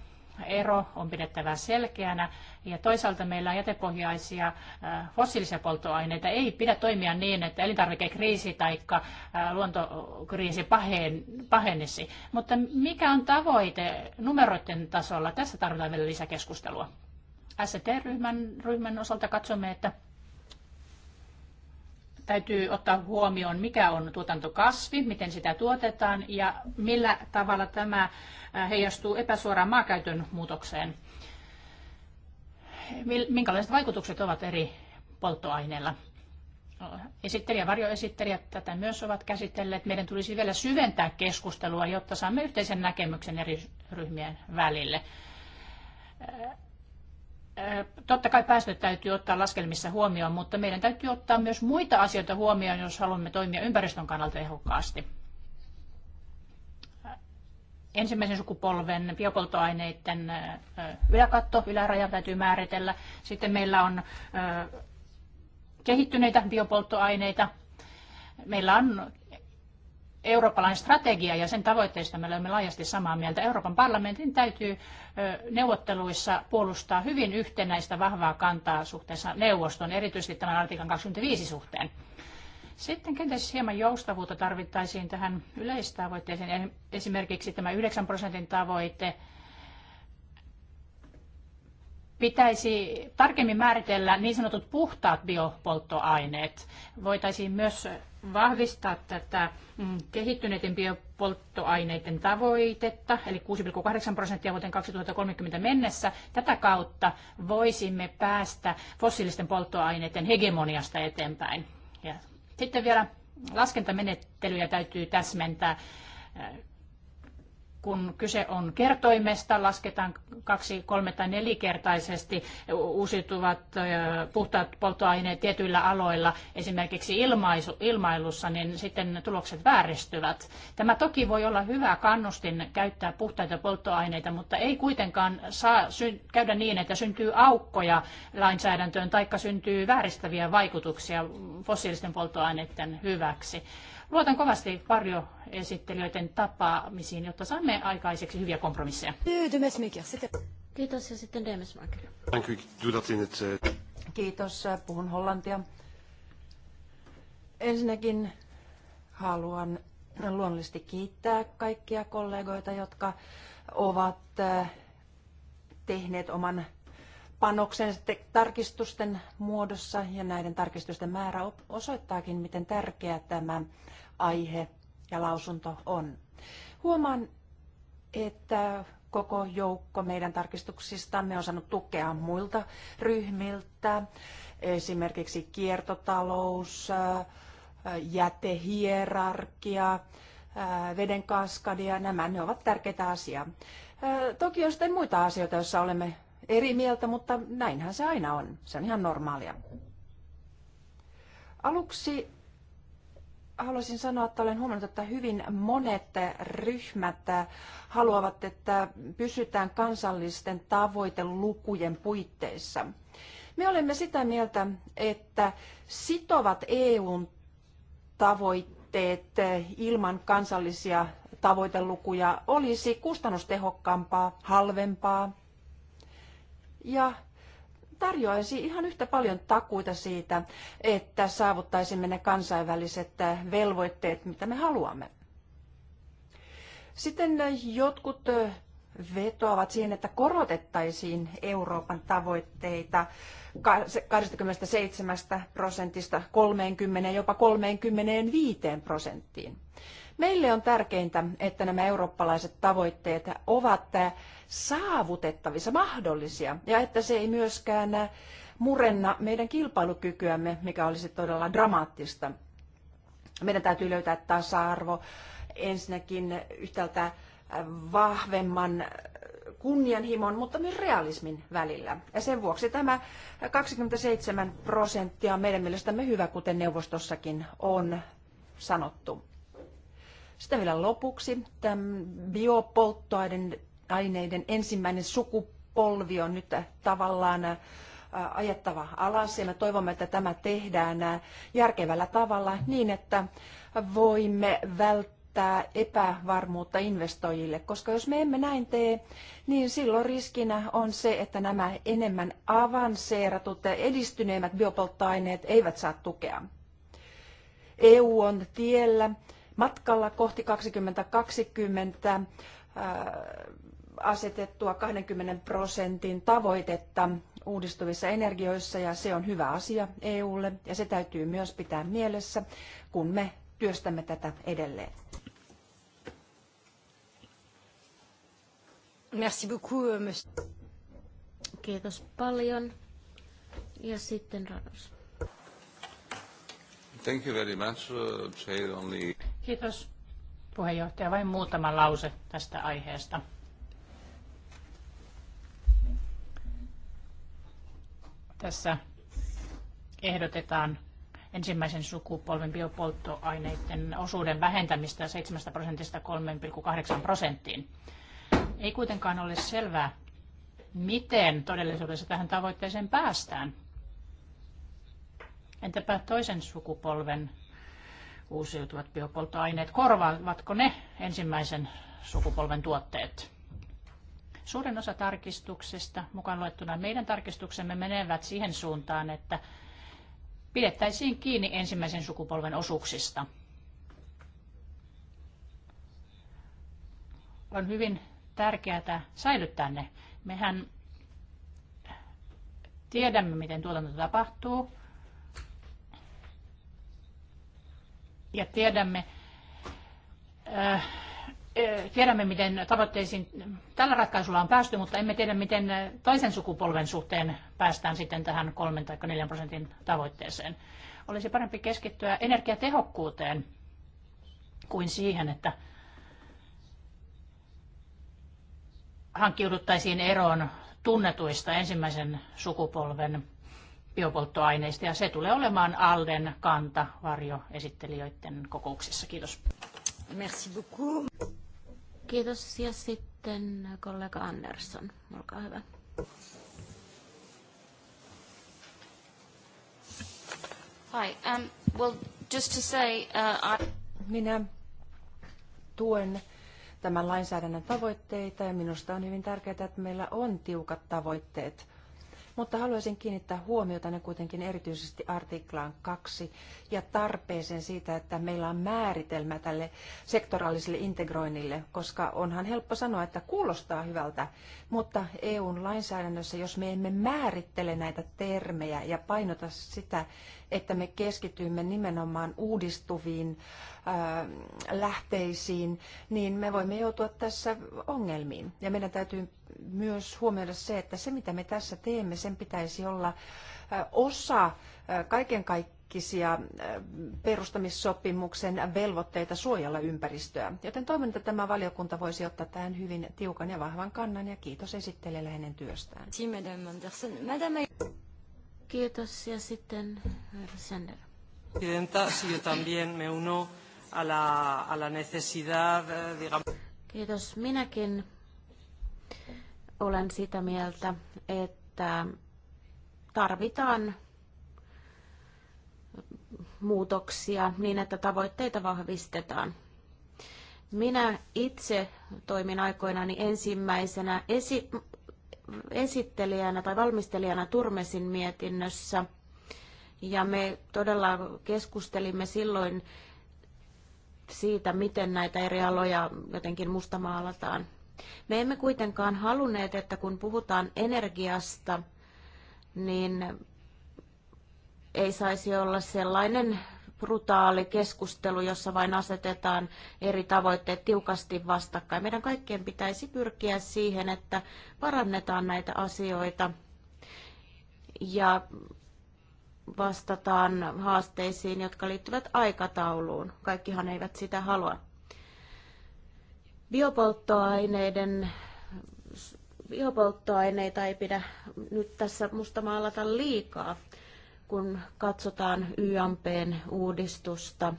ero on pidettävä selkeänä. Ja toisaalta meillä jätepohjaisia äh, fossiilisia polttoaineita. Ei pidä toimia niin, että elintarvikekriisi tai äh, luontokriisi pahenisi. Mutta mikä on tavoite numeroiden tasolla? Tässä tarvitaan vielä lisäkeskustelua. ST-ryhmän ryhmän osalta katsomme, että täytyy ottaa huomioon, mikä on tuotantokasvi, miten sitä tuotetaan ja millä tavalla tämä äh, heijastuu epäsuoraan maakäytön muutokseen. Minkälaiset vaikutukset ovat eri polttoaineilla? Esittelijä, varjoesittelijät tätä myös ovat käsitelleet. Meidän tulisi vielä syventää keskustelua, jotta saamme yhteisen näkemyksen eri ryhmien välille äh, Totta kai päästöt täytyy ottaa laskelmissa huomioon, mutta meidän täytyy ottaa myös muita asioita huomioon, jos haluamme toimia ympäristön kannalta tehokkaasti. Ensimmäisen sukupolven biopoltoaineiden yläkatto, yläraja täytyy määritellä. Sitten meillä on kehittyneitä biopolttoaineita. Meillä on eurooppalainen strategia ja sen tavoitteista me olemme laajasti samaa mieltä. Euroopan parlamentin täytyy neuvotteluissa puolustaa hyvin yhtenäistä vahvaa kantaa suhteessa neuvoston, erityisesti tämän artikan 25 suhteen. Sitten kenties hieman joustavuutta tarvittaisiin tähän yleistavoitteeseen, esimerkiksi tämä 9 prosentin tavoite – pitäisi tarkemmin määritellä niin sanotut puhtaat biopolttoaineet. Voitaisiin myös vahvistaa tätä mm, kehittyneiden biopolttoaineiden tavoitetta, eli 6,8 prosenttia vuoteen 2030 mennessä. Tätä kautta voisimme päästä fossiilisten polttoaineiden hegemoniasta eteenpäin. Ja sitten vielä laskentamenettelyjä täytyy täsmentää kun kyse on kertoimesta, lasketaan kaksi, kolme tai nelikertaisesti uusiutuvat puhtaat polttoaineet tietyillä aloilla, esimerkiksi ilmaisu, ilmailussa, niin sitten tulokset vääristyvät. Tämä toki voi olla hyvä kannustin käyttää puhtaita polttoaineita, mutta ei kuitenkaan saa käydä niin, että syntyy aukkoja lainsäädäntöön taikka syntyy vääristäviä vaikutuksia fossiilisten polttoaineiden hyväksi. Luotan kovasti varjoesittelijöiden tapaamisiin, jotta saamme aikaiseksi hyviä kompromisseja. Kiitos ja sitten DMS Kiitos, äh, puhun hollantia. Ensinnäkin haluan luonnollisesti kiittää kaikkia kollegoita, jotka ovat äh, tehneet oman panoksen tarkistusten muodossa ja näiden tarkistusten määrä osoittaakin, miten tärkeä tämä aihe ja lausunto on. Huomaan, että koko joukko meidän tarkistuksistamme on saanut tukea muilta ryhmiltä, esimerkiksi kiertotalous, jätehierarkia, veden kaskadia, nämä ne ovat tärkeitä asioita. Toki on sitten muita asioita, joissa olemme eri mieltä, mutta näinhän se aina on. Se on ihan normaalia. Aluksi haluaisin sanoa, että olen huomannut, että hyvin monet ryhmät haluavat, että pysytään kansallisten tavoitelukujen puitteissa. Me olemme sitä mieltä, että sitovat EUn tavoitteet ilman kansallisia tavoitelukuja olisi kustannustehokkaampaa, halvempaa ja tarjoaisi ihan yhtä paljon takuita siitä, että saavuttaisimme ne kansainväliset velvoitteet, mitä me haluamme. Sitten jotkut vetoavat siihen, että korotettaisiin Euroopan tavoitteita 27 prosentista 30, jopa 35 prosenttiin. Meille on tärkeintä, että nämä eurooppalaiset tavoitteet ovat saavutettavissa, mahdollisia, ja että se ei myöskään murenna meidän kilpailukykyämme, mikä olisi todella dramaattista. Meidän täytyy löytää tasa-arvo ensinnäkin yhtäältä vahvemman kunnianhimon, mutta myös realismin välillä. Ja sen vuoksi tämä 27 prosenttia on meidän mielestämme hyvä, kuten neuvostossakin on sanottu. Sitten vielä lopuksi tämän biopolttoaiden aineiden ensimmäinen sukupolvi on nyt tavallaan ajettava alas ja me toivomme, että tämä tehdään järkevällä tavalla niin, että voimme välttää epävarmuutta investoijille, koska jos me emme näin tee, niin silloin riskinä on se, että nämä enemmän avanseeratut ja edistyneimmät biopolttoaineet eivät saa tukea. EU on tiellä matkalla kohti 2020 asetettua 20 prosentin tavoitetta uudistuvissa energioissa ja se on hyvä asia EUlle ja se täytyy myös pitää mielessä, kun me työstämme tätä edelleen. Merci beaucoup, euh, Kiitos paljon. Ja sitten Ranos. Thank you very much, uh, Chair. Only... Kiitos puheenjohtaja. Vain muutama lause tästä aiheesta. Tässä ehdotetaan ensimmäisen sukupolven biopolttoaineiden osuuden vähentämistä 7 prosentista 3,8 prosenttiin. Ei kuitenkaan ole selvää, miten todellisuudessa tähän tavoitteeseen päästään. Entäpä toisen sukupolven uusiutuvat biopolttoaineet, korvaavatko ne ensimmäisen sukupolven tuotteet? Suurin osa tarkistuksista, mukaan luettuna meidän tarkistuksemme, menevät siihen suuntaan, että pidettäisiin kiinni ensimmäisen sukupolven osuuksista. On hyvin tärkeää säilyttää ne. Mehän tiedämme, miten tuotanto tapahtuu. Ja tiedämme, äh, tiedämme, miten tavoitteisiin tällä ratkaisulla on päästy, mutta emme tiedä, miten toisen sukupolven suhteen päästään sitten tähän 3 tai 4 prosentin tavoitteeseen. Olisi parempi keskittyä energiatehokkuuteen kuin siihen, että hankkiuduttaisiin eroon tunnetuista ensimmäisen sukupolven biopolttoaineista, ja se tulee olemaan Alden kanta varjoesittelijöiden kokouksissa. Kiitos. Merci beaucoup. Kiitos. Ja sitten kollega Andersson, olkaa hyvä. Hi. Um, well, just to say, uh, I... Minä tuen tämän lainsäädännön tavoitteita ja minusta on hyvin tärkeää, että meillä on tiukat tavoitteet mutta haluaisin kiinnittää huomiota kuitenkin erityisesti artiklaan kaksi ja tarpeeseen siitä, että meillä on määritelmä tälle sektoraaliselle integroinnille, koska onhan helppo sanoa, että kuulostaa hyvältä, mutta EUn lainsäädännössä, jos me emme määrittele näitä termejä ja painota sitä, että me keskitymme nimenomaan uudistuviin lähteisiin, niin me voimme joutua tässä ongelmiin. Ja meidän täytyy myös huomioida se, että se mitä me tässä teemme, sen pitäisi olla osa kaiken kaikkiaan perustamissopimuksen velvoitteita suojella ympäristöä. Joten toivon, että tämä valiokunta voisi ottaa tähän hyvin tiukan ja vahvan kannan ja kiitos esittelijälle hänen työstään. Madame Anderson. Madame... Kiitos ja sitten Sander. Presidenta, si yo también me uno a la, a la necesidad, eh, digamos. Kiitos. Minäkin olen sitä mieltä, että tarvitaan muutoksia niin, että tavoitteita vahvistetaan. Minä itse toimin aikoinani ensimmäisenä esi- esittelijänä tai valmistelijana Turmesin mietinnössä. Ja me todella keskustelimme silloin siitä, miten näitä eri aloja jotenkin mustamaalataan. Me emme kuitenkaan halunneet, että kun puhutaan energiasta, niin ei saisi olla sellainen brutaali keskustelu, jossa vain asetetaan eri tavoitteet tiukasti vastakkain. Meidän kaikkien pitäisi pyrkiä siihen, että parannetaan näitä asioita ja vastataan haasteisiin, jotka liittyvät aikatauluun. Kaikkihan eivät sitä halua. Biopolttoaineiden biopolttoaineita ei pidä nyt tässä mustamaalata liikaa kun katsotaan YMPn uudistusta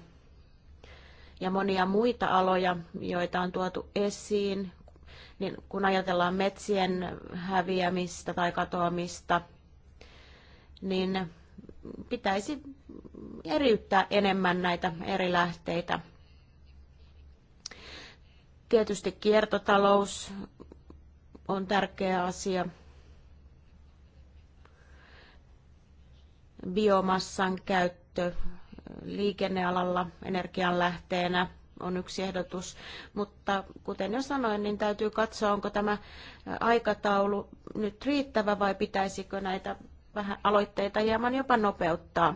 ja monia muita aloja, joita on tuotu esiin, niin kun ajatellaan metsien häviämistä tai katoamista, niin pitäisi eriyttää enemmän näitä eri lähteitä. Tietysti kiertotalous on tärkeä asia – Biomassan käyttö liikennealalla energianlähteenä on yksi ehdotus, mutta kuten jo sanoin, niin täytyy katsoa, onko tämä aikataulu nyt riittävä vai pitäisikö näitä vähän aloitteita hieman jopa nopeuttaa.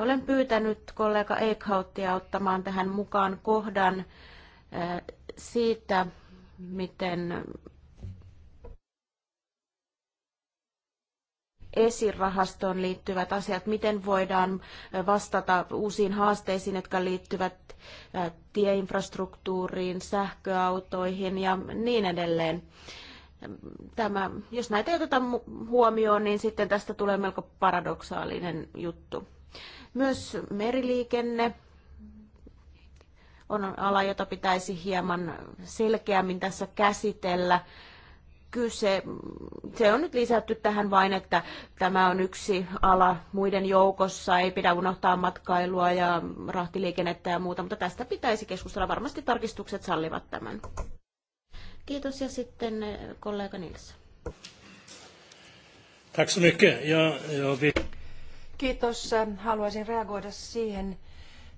Olen pyytänyt kollega Eichhauttia ottamaan tähän mukaan kohdan eh, siitä, miten esirahastoon liittyvät asiat, miten voidaan vastata uusiin haasteisiin, jotka liittyvät tieinfrastruktuuriin, sähköautoihin ja niin edelleen. Tämä, jos näitä ei oteta huomioon, niin sitten tästä tulee melko paradoksaalinen juttu. Myös meriliikenne on ala, jota pitäisi hieman selkeämmin tässä käsitellä kyse, se on nyt lisätty tähän vain, että tämä on yksi ala muiden joukossa, ei pidä unohtaa matkailua ja rahtiliikennettä ja muuta, mutta tästä pitäisi keskustella. Varmasti tarkistukset sallivat tämän. Kiitos ja sitten eh, kollega Nils. Tack så mycket. Kiitos. Haluaisin reagoida siihen,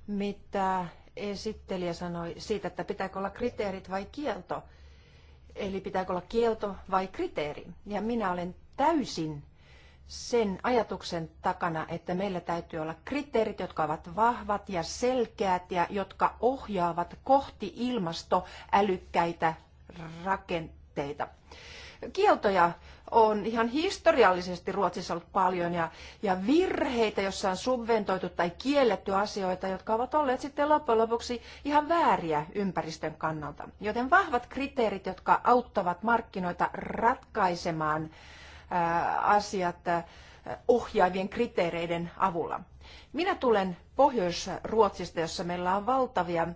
mitä esittelijä sanoi siitä, että pitääkö olla kriteerit vai kielto. Eli pitääkö olla kielto vai kriteeri? Ja minä olen täysin sen ajatuksen takana, että meillä täytyy olla kriteerit, jotka ovat vahvat ja selkeät ja jotka ohjaavat kohti ilmastoälykkäitä rakenteita. Kieltoja on ihan historiallisesti Ruotsissa ollut paljon ja, ja virheitä, jossa on subventoitu tai kielletty asioita, jotka ovat olleet sitten loppujen lopuksi ihan vääriä ympäristön kannalta. Joten vahvat kriteerit, jotka auttavat markkinoita ratkaisemaan ää, asiat ää, ohjaavien kriteereiden avulla. Minä tulen Pohjois-Ruotsista, jossa meillä on valtavia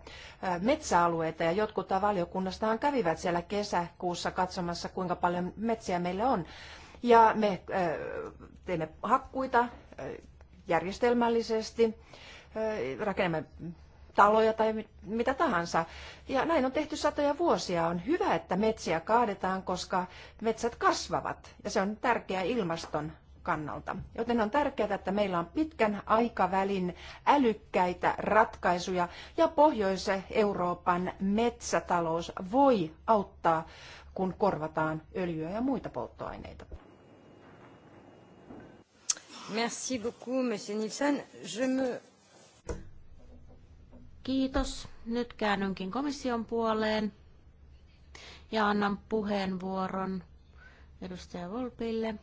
metsäalueita ja jotkut valiokunnastahan kävivät siellä kesäkuussa katsomassa, kuinka paljon metsiä meillä on. Ja me teemme hakkuita järjestelmällisesti, rakennamme taloja tai mitä tahansa. Ja näin on tehty satoja vuosia. On hyvä, että metsiä kaadetaan, koska metsät kasvavat ja se on tärkeää ilmaston kannalta. Joten on tärkeää, että meillä on pitkän aikavälin älykkäitä ratkaisuja ja Pohjois-Euroopan metsätalous voi auttaa, kun korvataan öljyä ja muita polttoaineita. Merci beaucoup, monsieur Nielsen. Je me... Kiitos. Nyt käännynkin komission puoleen ja annan puheenvuoron edustaja Volpille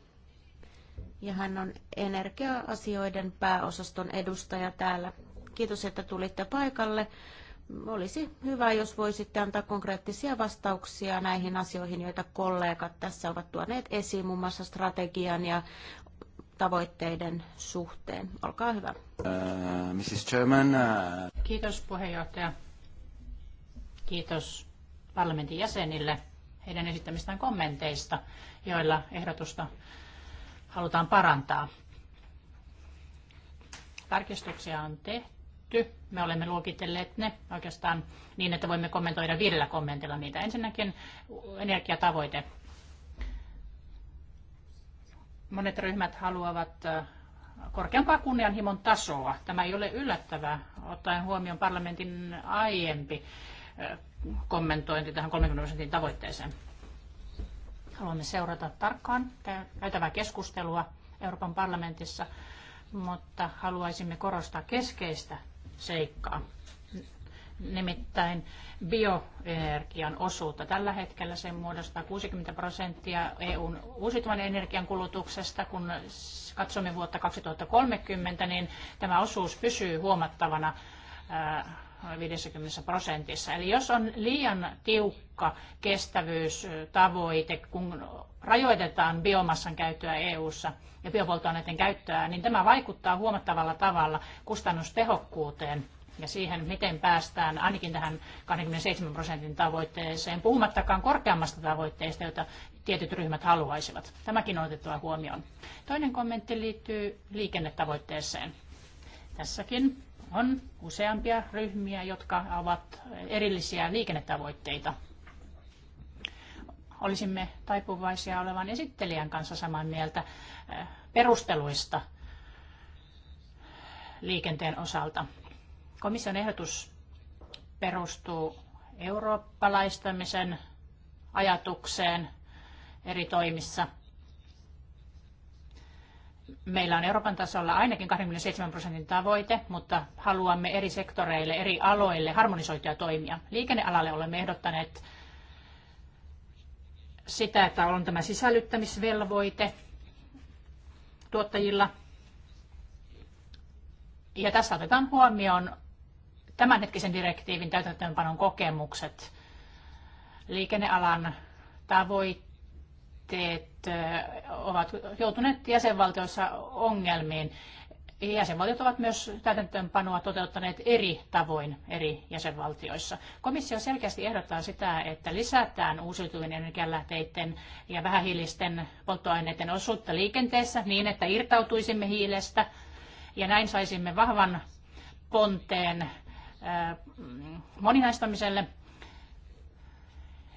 ja hän on energia-asioiden pääosaston edustaja täällä. Kiitos, että tulitte paikalle. Olisi hyvä, jos voisitte antaa konkreettisia vastauksia näihin asioihin, joita kollegat tässä ovat tuoneet esiin, muun muassa strategian ja tavoitteiden suhteen. Olkaa hyvä. Uh, Mrs. Chairman, uh... Kiitos puheenjohtaja. Kiitos parlamentin jäsenille heidän esittämistään kommenteista, joilla ehdotusta halutaan parantaa. Tarkistuksia on tehty. Me olemme luokitelleet ne oikeastaan niin, että voimme kommentoida viidellä kommentilla niitä. Ensinnäkin energiatavoite. Monet ryhmät haluavat korkeampaa kunnianhimon tasoa. Tämä ei ole yllättävää, ottaen huomioon parlamentin aiempi kommentointi tähän 30 prosentin tavoitteeseen. Haluamme seurata tarkkaan käytävää keskustelua Euroopan parlamentissa, mutta haluaisimme korostaa keskeistä seikkaa, nimittäin bioenergian osuutta. Tällä hetkellä se muodostaa 60 prosenttia EUn uusiutuvan energian kulutuksesta. Kun katsomme vuotta 2030, niin tämä osuus pysyy huomattavana 50 prosentissa. Eli jos on liian tiukka kestävyystavoite, kun rajoitetaan biomassan käyttöä EU:ssa ja biopolttoaineiden käyttöä, niin tämä vaikuttaa huomattavalla tavalla kustannustehokkuuteen ja siihen, miten päästään ainakin tähän 27 prosentin tavoitteeseen, puhumattakaan korkeammasta tavoitteesta, jota tietyt ryhmät haluaisivat. Tämäkin on otettava huomioon. Toinen kommentti liittyy liikennetavoitteeseen. Tässäkin on useampia ryhmiä, jotka ovat erillisiä liikennetavoitteita. Olisimme taipuvaisia olevan esittelijän kanssa samaa mieltä eh, perusteluista liikenteen osalta. Komission ehdotus perustuu eurooppalaistamisen ajatukseen eri toimissa – Meillä on Euroopan tasolla ainakin 27 prosentin tavoite, mutta haluamme eri sektoreille, eri aloille harmonisoituja toimia. Liikennealalle olemme ehdottaneet sitä, että on tämä sisällyttämisvelvoite tuottajilla. Ja tässä otetaan huomioon tämänhetkisen direktiivin täytäntöönpanon kokemukset. Liikennealan tavoitteet jätteet ovat joutuneet jäsenvaltioissa ongelmiin. Jäsenvaltiot ovat myös täytäntöönpanoa toteuttaneet eri tavoin eri jäsenvaltioissa. Komissio selkeästi ehdottaa sitä, että lisätään uusiutuvien energialähteiden ja vähähiilisten polttoaineiden osuutta liikenteessä niin, että irtautuisimme hiilestä ja näin saisimme vahvan ponteen moninaistamiselle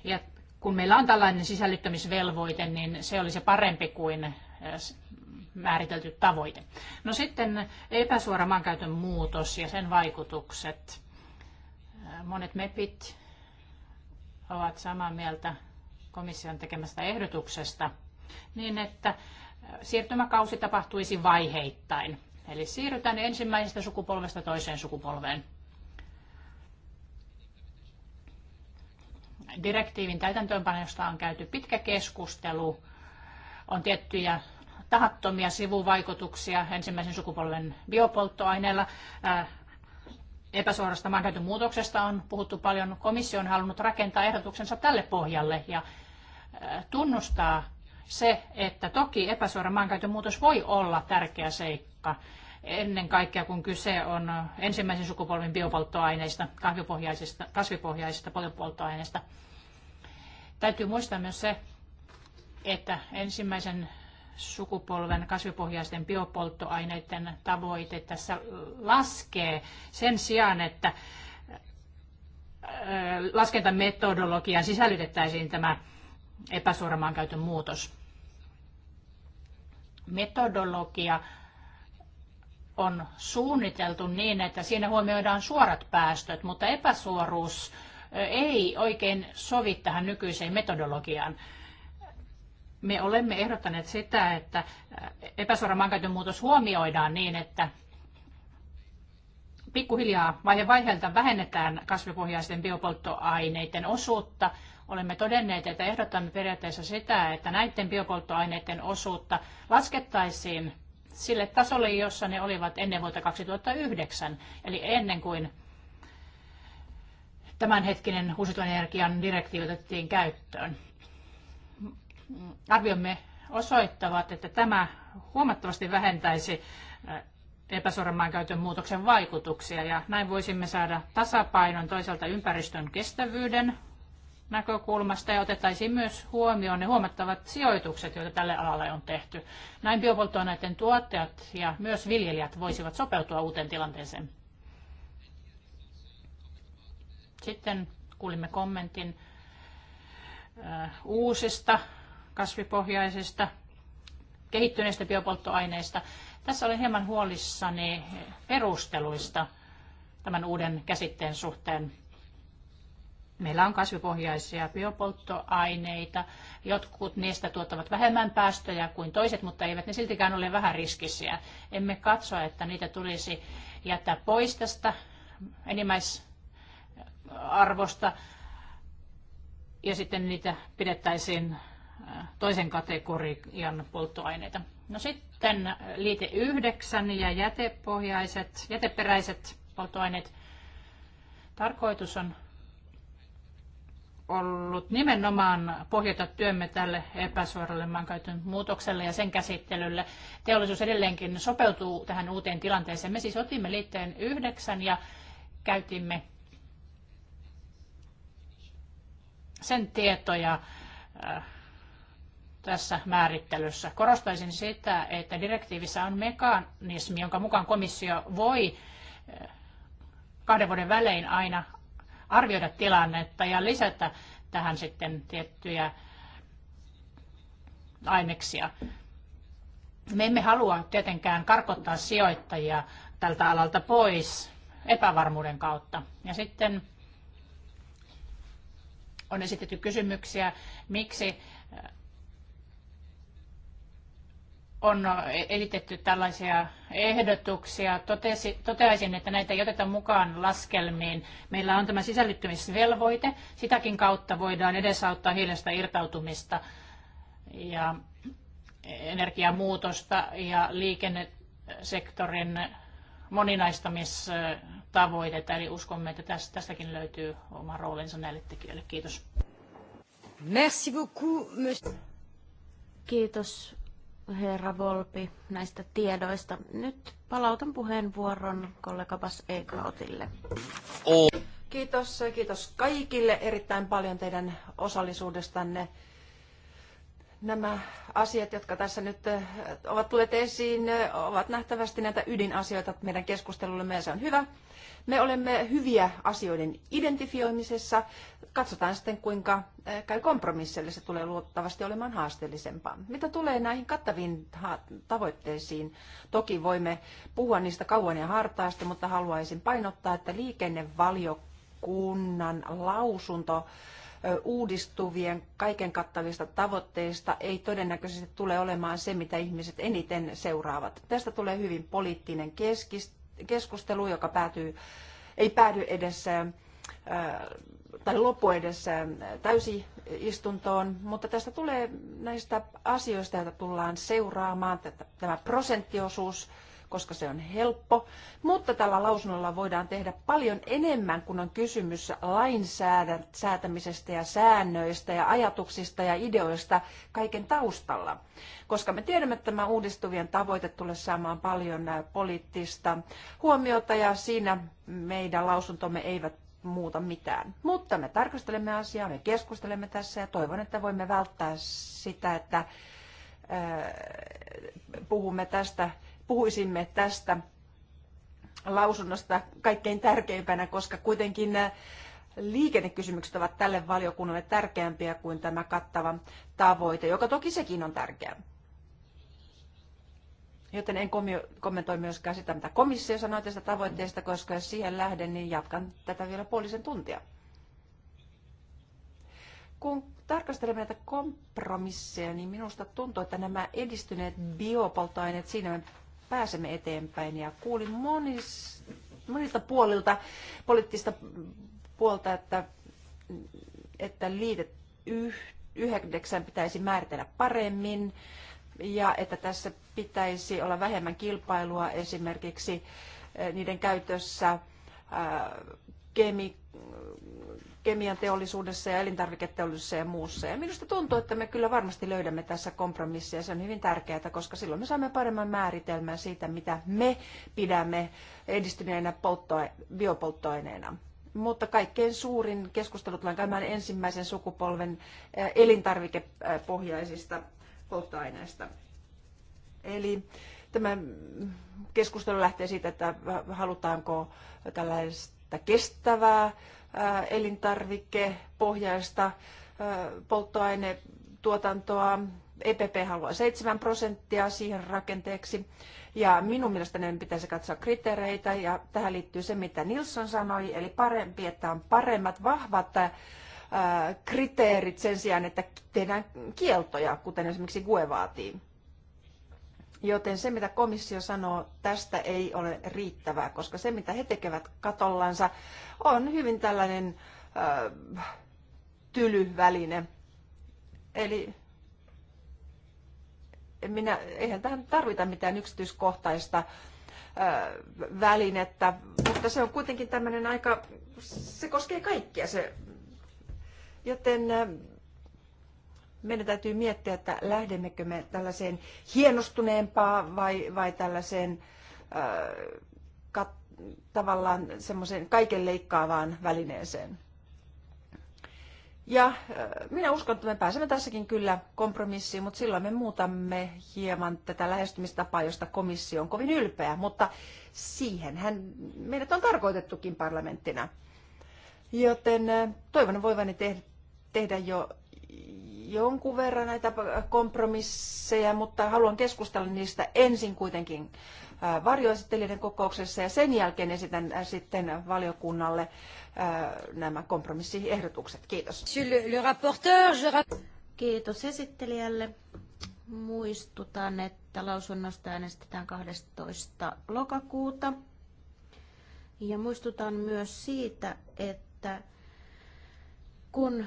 ja kun meillä on tällainen sisällyttämisvelvoite, niin se olisi parempi kuin äh, määritelty tavoite. No sitten epäsuora maankäytön muutos ja sen vaikutukset. Äh, monet MEPit ovat samaa mieltä komission tekemästä ehdotuksesta niin, että äh, siirtymäkausi tapahtuisi vaiheittain. Eli siirrytään ensimmäisestä sukupolvesta toiseen sukupolveen. direktiivin täytäntöönpanosta on käyty pitkä keskustelu. On tiettyjä tahattomia sivuvaikutuksia ensimmäisen sukupolven biopolttoaineella. Epäsuorasta maankäytön muutoksesta on puhuttu paljon. Komissio on halunnut rakentaa ehdotuksensa tälle pohjalle ja tunnustaa se, että toki epäsuora maankäytön muutos voi olla tärkeä seikka ennen kaikkea kun kyse on ensimmäisen sukupolven biopolttoaineista, kasvipohjaisista, kasvipohjaisista biopolttoaineista. Täytyy muistaa myös se, että ensimmäisen sukupolven kasvipohjaisten biopolttoaineiden tavoite tässä laskee sen sijaan, että laskentametodologiaan sisällytettäisiin tämä epäsuoramaankäytön käytön muutos. Metodologia on suunniteltu niin, että siinä huomioidaan suorat päästöt, mutta epäsuoruus ei oikein sovi tähän nykyiseen metodologiaan. Me olemme ehdottaneet sitä, että epäsuora maankäytön muutos huomioidaan niin, että pikkuhiljaa vaihe vaiheelta vähennetään kasvipohjaisten biopolttoaineiden osuutta. Olemme todenneet, että ehdotamme periaatteessa sitä, että näiden biopolttoaineiden osuutta laskettaisiin sille tasolle, jossa ne olivat ennen vuotta 2009, eli ennen kuin tämänhetkinen uusiutuvan energian direktiivi otettiin käyttöön. Arviomme osoittavat, että tämä huomattavasti vähentäisi äh, epäsuoran käytön muutoksen vaikutuksia ja näin voisimme saada tasapainon toisaalta ympäristön kestävyyden näkökulmasta ja otettaisiin myös huomioon ne huomattavat sijoitukset, joita tälle alalle on tehty. Näin biopolttoaineiden tuottajat ja myös viljelijät voisivat sopeutua uuteen tilanteeseen. Sitten kuulimme kommentin äh, uusista kasvipohjaisista kehittyneistä biopolttoaineista. Tässä olen hieman huolissani perusteluista tämän uuden käsitteen suhteen. Meillä on kasvipohjaisia biopolttoaineita. Jotkut niistä tuottavat vähemmän päästöjä kuin toiset, mutta eivät ne siltikään ole vähän riskisiä. Emme katso, että niitä tulisi jättää pois tästä enimmäisarvosta ja sitten niitä pidettäisiin äh, toisen kategorian polttoaineita. No sitten liite 9 ja jätepohjaiset, jäteperäiset polttoaineet. Tarkoitus on ollut nimenomaan pohjata työmme tälle epäsuoralle maankäytön muutokselle ja sen käsittelylle. Teollisuus edelleenkin sopeutuu tähän uuteen tilanteeseen. Me siis otimme liitteen yhdeksän ja käytimme sen tietoja äh, tässä määrittelyssä. Korostaisin sitä, että direktiivissä on mekanismi, jonka mukaan komissio voi äh, kahden vuoden välein aina arvioida tilannetta ja lisätä tähän sitten tiettyjä aineksia. Me emme halua tietenkään karkottaa sijoittajia tältä alalta pois epävarmuuden kautta. Ja sitten on esitetty kysymyksiä, miksi on esitetty tällaisia ehdotuksia. Totesi, toteaisin, että näitä ei oteta mukaan laskelmiin. Meillä on tämä sisällyttymisvelvoite. Sitäkin kautta voidaan edesauttaa hiilestä irtautumista ja energiamuutosta ja liikennesektorin moninaistamistavoitetta. Eli uskomme, että tästäkin löytyy oma roolinsa näille tekijöille. Kiitos. Merci beaucoup, monsieur. Kiitos herra Volpi näistä tiedoista. Nyt palautan puheenvuoron kollega Bas Oh. Kiitos, kiitos kaikille erittäin paljon teidän osallisuudestanne. Nämä asiat, jotka tässä nyt eh, ovat tulleet esiin, eh, ovat nähtävästi näitä ydinasioita meidän keskustelullemme ja se on hyvä. Me olemme hyviä asioiden identifioimisessa, katsotaan sitten, kuinka eh, käy kompromisseille. Se tulee luottavasti olemaan haasteellisempaa. Mitä tulee näihin kattaviin tavoitteisiin, toki voimme puhua niistä kauan ja hartaasti, mutta haluaisin painottaa, että liikennevaliokunnan lausunto uudistuvien kaiken kattavista tavoitteista ei todennäköisesti tule olemaan se, mitä ihmiset eniten seuraavat. Tästä tulee hyvin poliittinen keskustelu, joka päätyy, ei päädy edes tai edessä täysistuntoon, mutta tästä tulee näistä asioista, joita tullaan seuraamaan, tämä prosenttiosuus, koska se on helppo, mutta tällä lausunnolla voidaan tehdä paljon enemmän, kun on kysymys lainsäätämisestä ja säännöistä ja ajatuksista ja ideoista kaiken taustalla. Koska me tiedämme, että tämä uudistuvien tavoite tulee saamaan paljon poliittista huomiota ja siinä meidän lausuntomme eivät muuta mitään. Mutta me tarkastelemme asiaa, me keskustelemme tässä ja toivon, että voimme välttää sitä, että äh, puhumme tästä, puhuisimme tästä lausunnosta kaikkein tärkeimpänä, koska kuitenkin nämä äh, liikennekysymykset ovat tälle valiokunnalle tärkeämpiä kuin tämä kattava tavoite, joka toki sekin on tärkeä. Joten en kommentoi myöskään sitä, mitä komissio sanoi tästä tavoitteesta, koska jos siihen lähden, niin jatkan tätä vielä puolisen tuntia. Kun tarkastelemme näitä kompromisseja, niin minusta tuntuu, että nämä edistyneet biopoltoaineet, siinä me pääsemme eteenpäin. Ja kuulin monis, monilta puolilta poliittista puolta, että, että liitet yhdeksän pitäisi määritellä paremmin ja että tässä pitäisi olla vähemmän kilpailua esimerkiksi eh, niiden käytössä eh, kemi, kemian teollisuudessa ja elintarviketeollisuudessa ja muussa. Ja minusta tuntuu, että me kyllä varmasti löydämme tässä kompromissia. Se on hyvin tärkeää, koska silloin me saamme paremman määritelmän siitä, mitä me pidämme edistyneenä biopolttoaineena. Mutta kaikkein suurin keskustelu tulee käymään ensimmäisen sukupolven eh, elintarvikepohjaisista polttoaineesta. Eli tämä keskustelu lähtee siitä, että halutaanko tällaista kestävää elintarvikepohjaista polttoainetuotantoa. EPP haluaa 7 prosenttia siihen rakenteeksi. Ja minun mielestäni pitäisi katsoa kriteereitä ja tähän liittyy se, mitä Nilsson sanoi, eli parempi, että on paremmat, vahvat kriteerit sen sijaan, että tehdään kieltoja, kuten esimerkiksi GUE vaatii. Joten se, mitä komissio sanoo, tästä ei ole riittävää, koska se, mitä he tekevät katollansa, on hyvin tällainen äh, tylyväline. Eli minä, eihän tähän tarvita mitään yksityiskohtaista äh, välinettä, mutta se on kuitenkin tämmöinen aika, se koskee kaikkia se Joten äh, meidän täytyy miettiä, että lähdemmekö me tällaiseen hienostuneempaan vai, vai tällaiseen äh, kat, tavallaan semmoiseen kaiken leikkaavaan välineeseen. Ja äh, minä uskon, että me pääsemme tässäkin kyllä kompromissiin, mutta silloin me muutamme hieman tätä lähestymistapaa, josta komissio on kovin ylpeä, mutta siihenhän meidät on tarkoitettukin parlamenttina. Joten äh, toivon voivani tehdä tehdä jo jonkun verran näitä kompromisseja, mutta haluan keskustella niistä ensin kuitenkin varjoesittelijöiden kokouksessa ja sen jälkeen esitän sitten valiokunnalle nämä kompromissiehdotukset. Kiitos. Kiitos esittelijälle. Muistutan, että lausunnosta äänestetään 12. lokakuuta. Ja muistutan myös siitä, että kun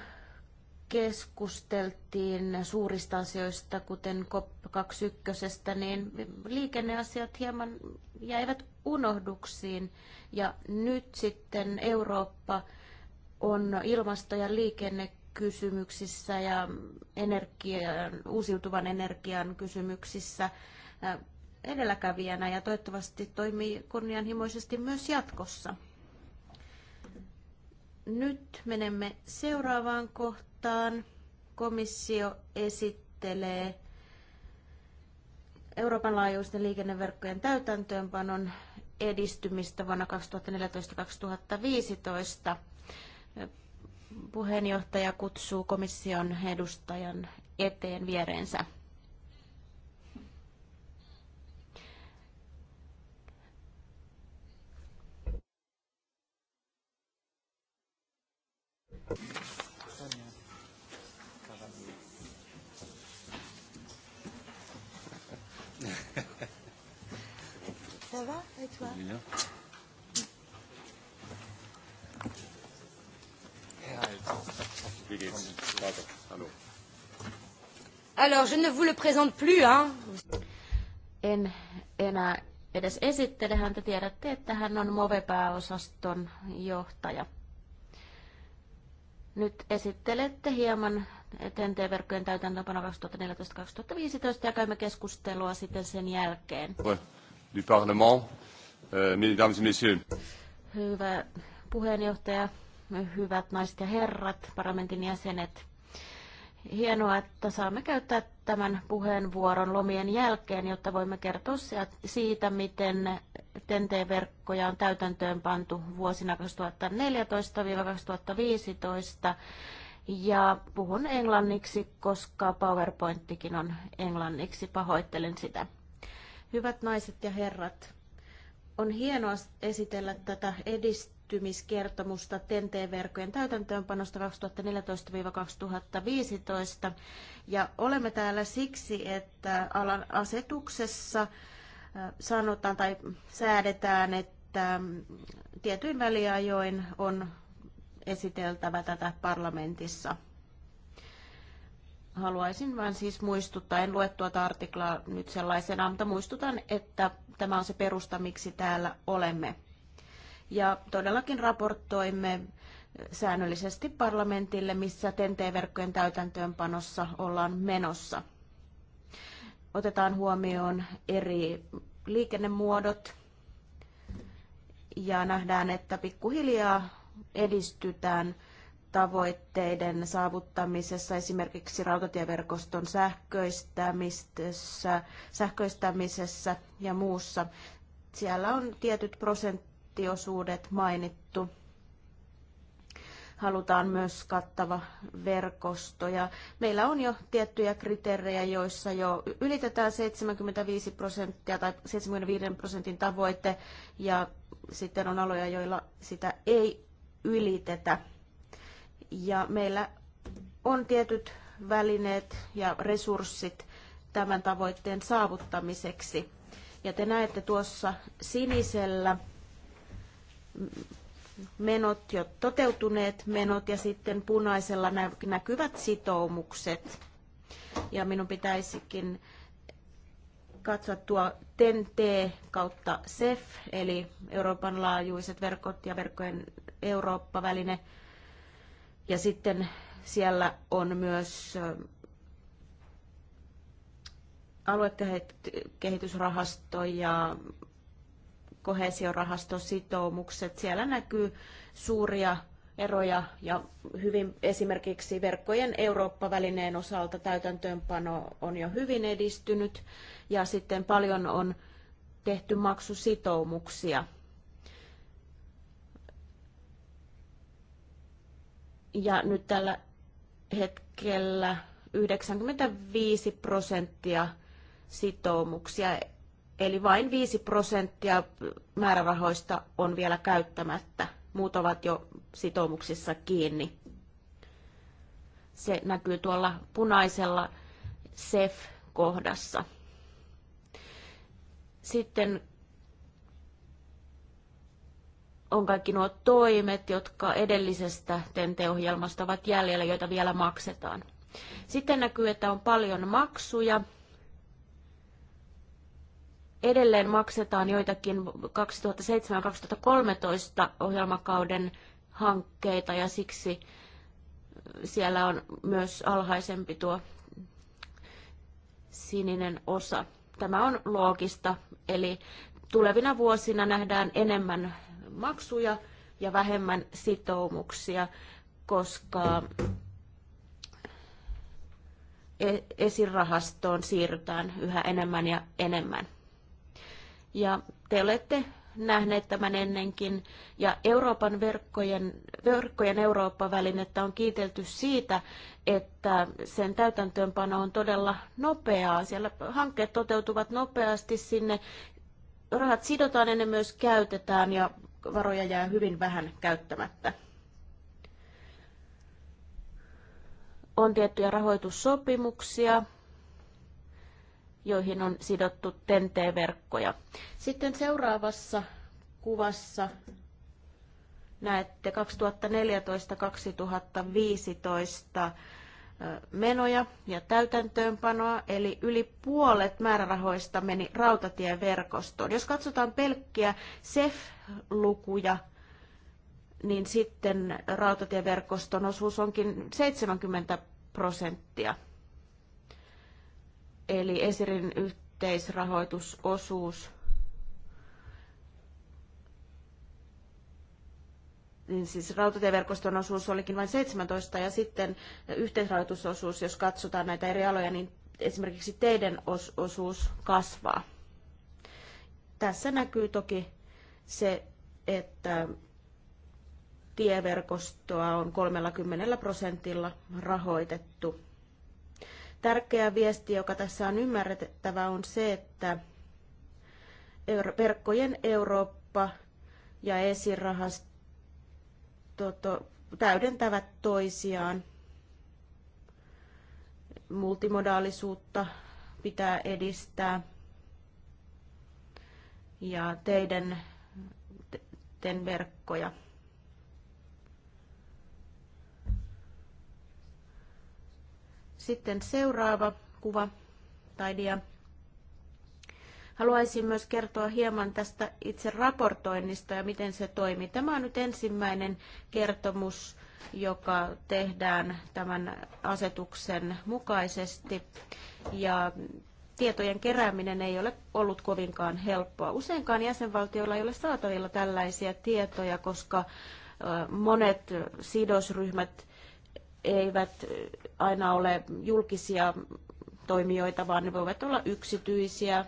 keskusteltiin suurista asioista, kuten COP21, niin liikenneasiat hieman jäivät unohduksiin. Ja nyt sitten Eurooppa on ilmasto- ja liikennekysymyksissä ja energian, uusiutuvan energian kysymyksissä edelläkävijänä ja toivottavasti toimii kunnianhimoisesti myös jatkossa. Nyt menemme seuraavaan kohtaan. Komissio esittelee Euroopan laajuisten liikenneverkkojen täytäntöönpanon edistymistä vuonna 2014-2015. Puheenjohtaja kutsuu komission edustajan eteen viereensä. Ça va Et toi Bien. Alors, je ne vous le présente plus, hein En enää edes esittele häntä. Tiedätte, että hän on Move-pääosaston johtaja nyt esittelette hieman TNT-verkkojen täytäntöönpanoa 2014-2015 ja käymme keskustelua sitten sen jälkeen. Du Parlement, euh, mesdames et messieurs. Hyvä puheenjohtaja, hyvät naiset ja herrat, parlamentin jäsenet. Hienoa, että saamme käyttää tämän puheenvuoron lomien jälkeen, jotta voimme kertoa siitä, miten TNT-verkkoja on täytäntöön pantu vuosina 2014-2015. Ja puhun englanniksi, koska PowerPointtikin on englanniksi, pahoittelen sitä. Hyvät naiset ja herrat, on hienoa esitellä tätä edist- edistymiskertomusta TNT-verkkojen täytäntöönpanosta 2014-2015. Ja olemme täällä siksi, että alan asetuksessa äh, sanotaan tai säädetään, että mm, tietyin väliajoin on esiteltävä tätä parlamentissa. Haluaisin vain siis muistuttaa, en lue tuota artiklaa nyt sellaisena, mutta muistutan, että tämä on se perusta, miksi täällä olemme ja todellakin raportoimme säännöllisesti parlamentille, missä TNT-verkkojen täytäntöönpanossa ollaan menossa. Otetaan huomioon eri liikennemuodot ja nähdään, että pikkuhiljaa edistytään tavoitteiden saavuttamisessa, esimerkiksi rautatieverkoston sähköistämisessä, sähköistämisessä ja muussa. Siellä on tietyt prosentti prosenttiosuudet mainittu. Halutaan myös kattava verkosto. Ja meillä on jo tiettyjä kriteerejä, joissa jo ylitetään 75 prosenttia tai 75 prosentin tavoite, ja sitten on aloja, joilla sitä ei ylitetä. Ja meillä on tietyt välineet ja resurssit tämän tavoitteen saavuttamiseksi. Ja te näette tuossa sinisellä menot jo toteutuneet menot ja sitten punaisella näkyvät sitoumukset. Ja minun pitäisikin katsoa tuo TEN-T kautta SEF, eli Euroopan laajuiset verkot ja verkkojen Eurooppa-väline. Ja sitten siellä on myös aluekehitysrahasto ja koheesiorahastositoumukset. Siellä näkyy suuria eroja ja hyvin esimerkiksi verkkojen Eurooppa-välineen osalta täytäntöönpano on jo hyvin edistynyt ja sitten paljon on tehty maksusitoumuksia. Ja nyt tällä hetkellä 95 prosenttia sitoumuksia Eli vain 5 prosenttia määrärahoista on vielä käyttämättä. Muut ovat jo sitoumuksissa kiinni. Se näkyy tuolla punaisella SEF-kohdassa. Sitten on kaikki nuo toimet, jotka edellisestä TENTE-ohjelmasta ovat jäljellä, joita vielä maksetaan. Sitten näkyy, että on paljon maksuja, edelleen maksetaan joitakin 2007-2013 ohjelmakauden hankkeita ja siksi siellä on myös alhaisempi tuo sininen osa. Tämä on loogista, eli tulevina vuosina nähdään enemmän maksuja ja vähemmän sitoumuksia, koska e- esirahastoon siirrytään yhä enemmän ja enemmän ja te olette nähneet tämän ennenkin. Ja Euroopan verkkojen, verkkojen Eurooppa-välinettä on kiitelty siitä, että sen täytäntöönpano on todella nopeaa. Siellä hankkeet toteutuvat nopeasti sinne. Rahat sidotaan ja ne myös käytetään ja varoja jää hyvin vähän käyttämättä. On tiettyjä rahoitussopimuksia, joihin on sidottu tnt verkkoja Sitten seuraavassa kuvassa näette 2014-2015 menoja ja täytäntöönpanoa, eli yli puolet määrärahoista meni rautatieverkostoon. Jos katsotaan pelkkiä SEF-lukuja, niin sitten rautatieverkoston osuus onkin 70 prosenttia eli Esirin yhteisrahoitusosuus, niin siis rautatieverkoston osuus olikin vain 17 ja sitten yhteisrahoitusosuus, jos katsotaan näitä eri aloja, niin esimerkiksi teidän os- osuus kasvaa. Tässä näkyy toki se, että tieverkostoa on 30 prosentilla rahoitettu Tärkeä viesti, joka tässä on ymmärrettävä, on se, että verkkojen Eurooppa ja esirahasto täydentävät toisiaan. Multimodaalisuutta pitää edistää ja teidän ten verkkoja. Sitten seuraava kuva tai dia. Haluaisin myös kertoa hieman tästä itse raportoinnista ja miten se toimii. Tämä on nyt ensimmäinen kertomus, joka tehdään tämän asetuksen mukaisesti. Ja tietojen kerääminen ei ole ollut kovinkaan helppoa. Useinkaan jäsenvaltioilla ei ole saatavilla tällaisia tietoja, koska monet sidosryhmät eivät aina ole julkisia toimijoita, vaan ne voivat olla yksityisiä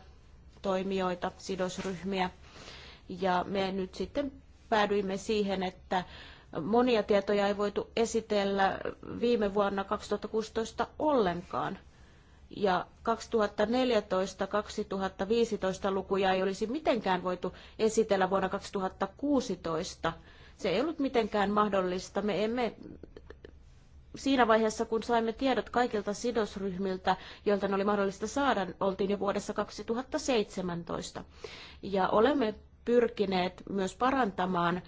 toimijoita, sidosryhmiä. Ja me nyt sitten päädyimme siihen, että monia tietoja ei voitu esitellä viime vuonna 2016 ollenkaan. Ja 2014-2015 lukuja ei olisi mitenkään voitu esitellä vuonna 2016. Se ei ollut mitenkään mahdollista. Me emme siinä vaiheessa, kun saimme tiedot kaikilta sidosryhmiltä, joilta ne oli mahdollista saada, oltiin jo vuodessa 2017. Ja olemme pyrkineet myös parantamaan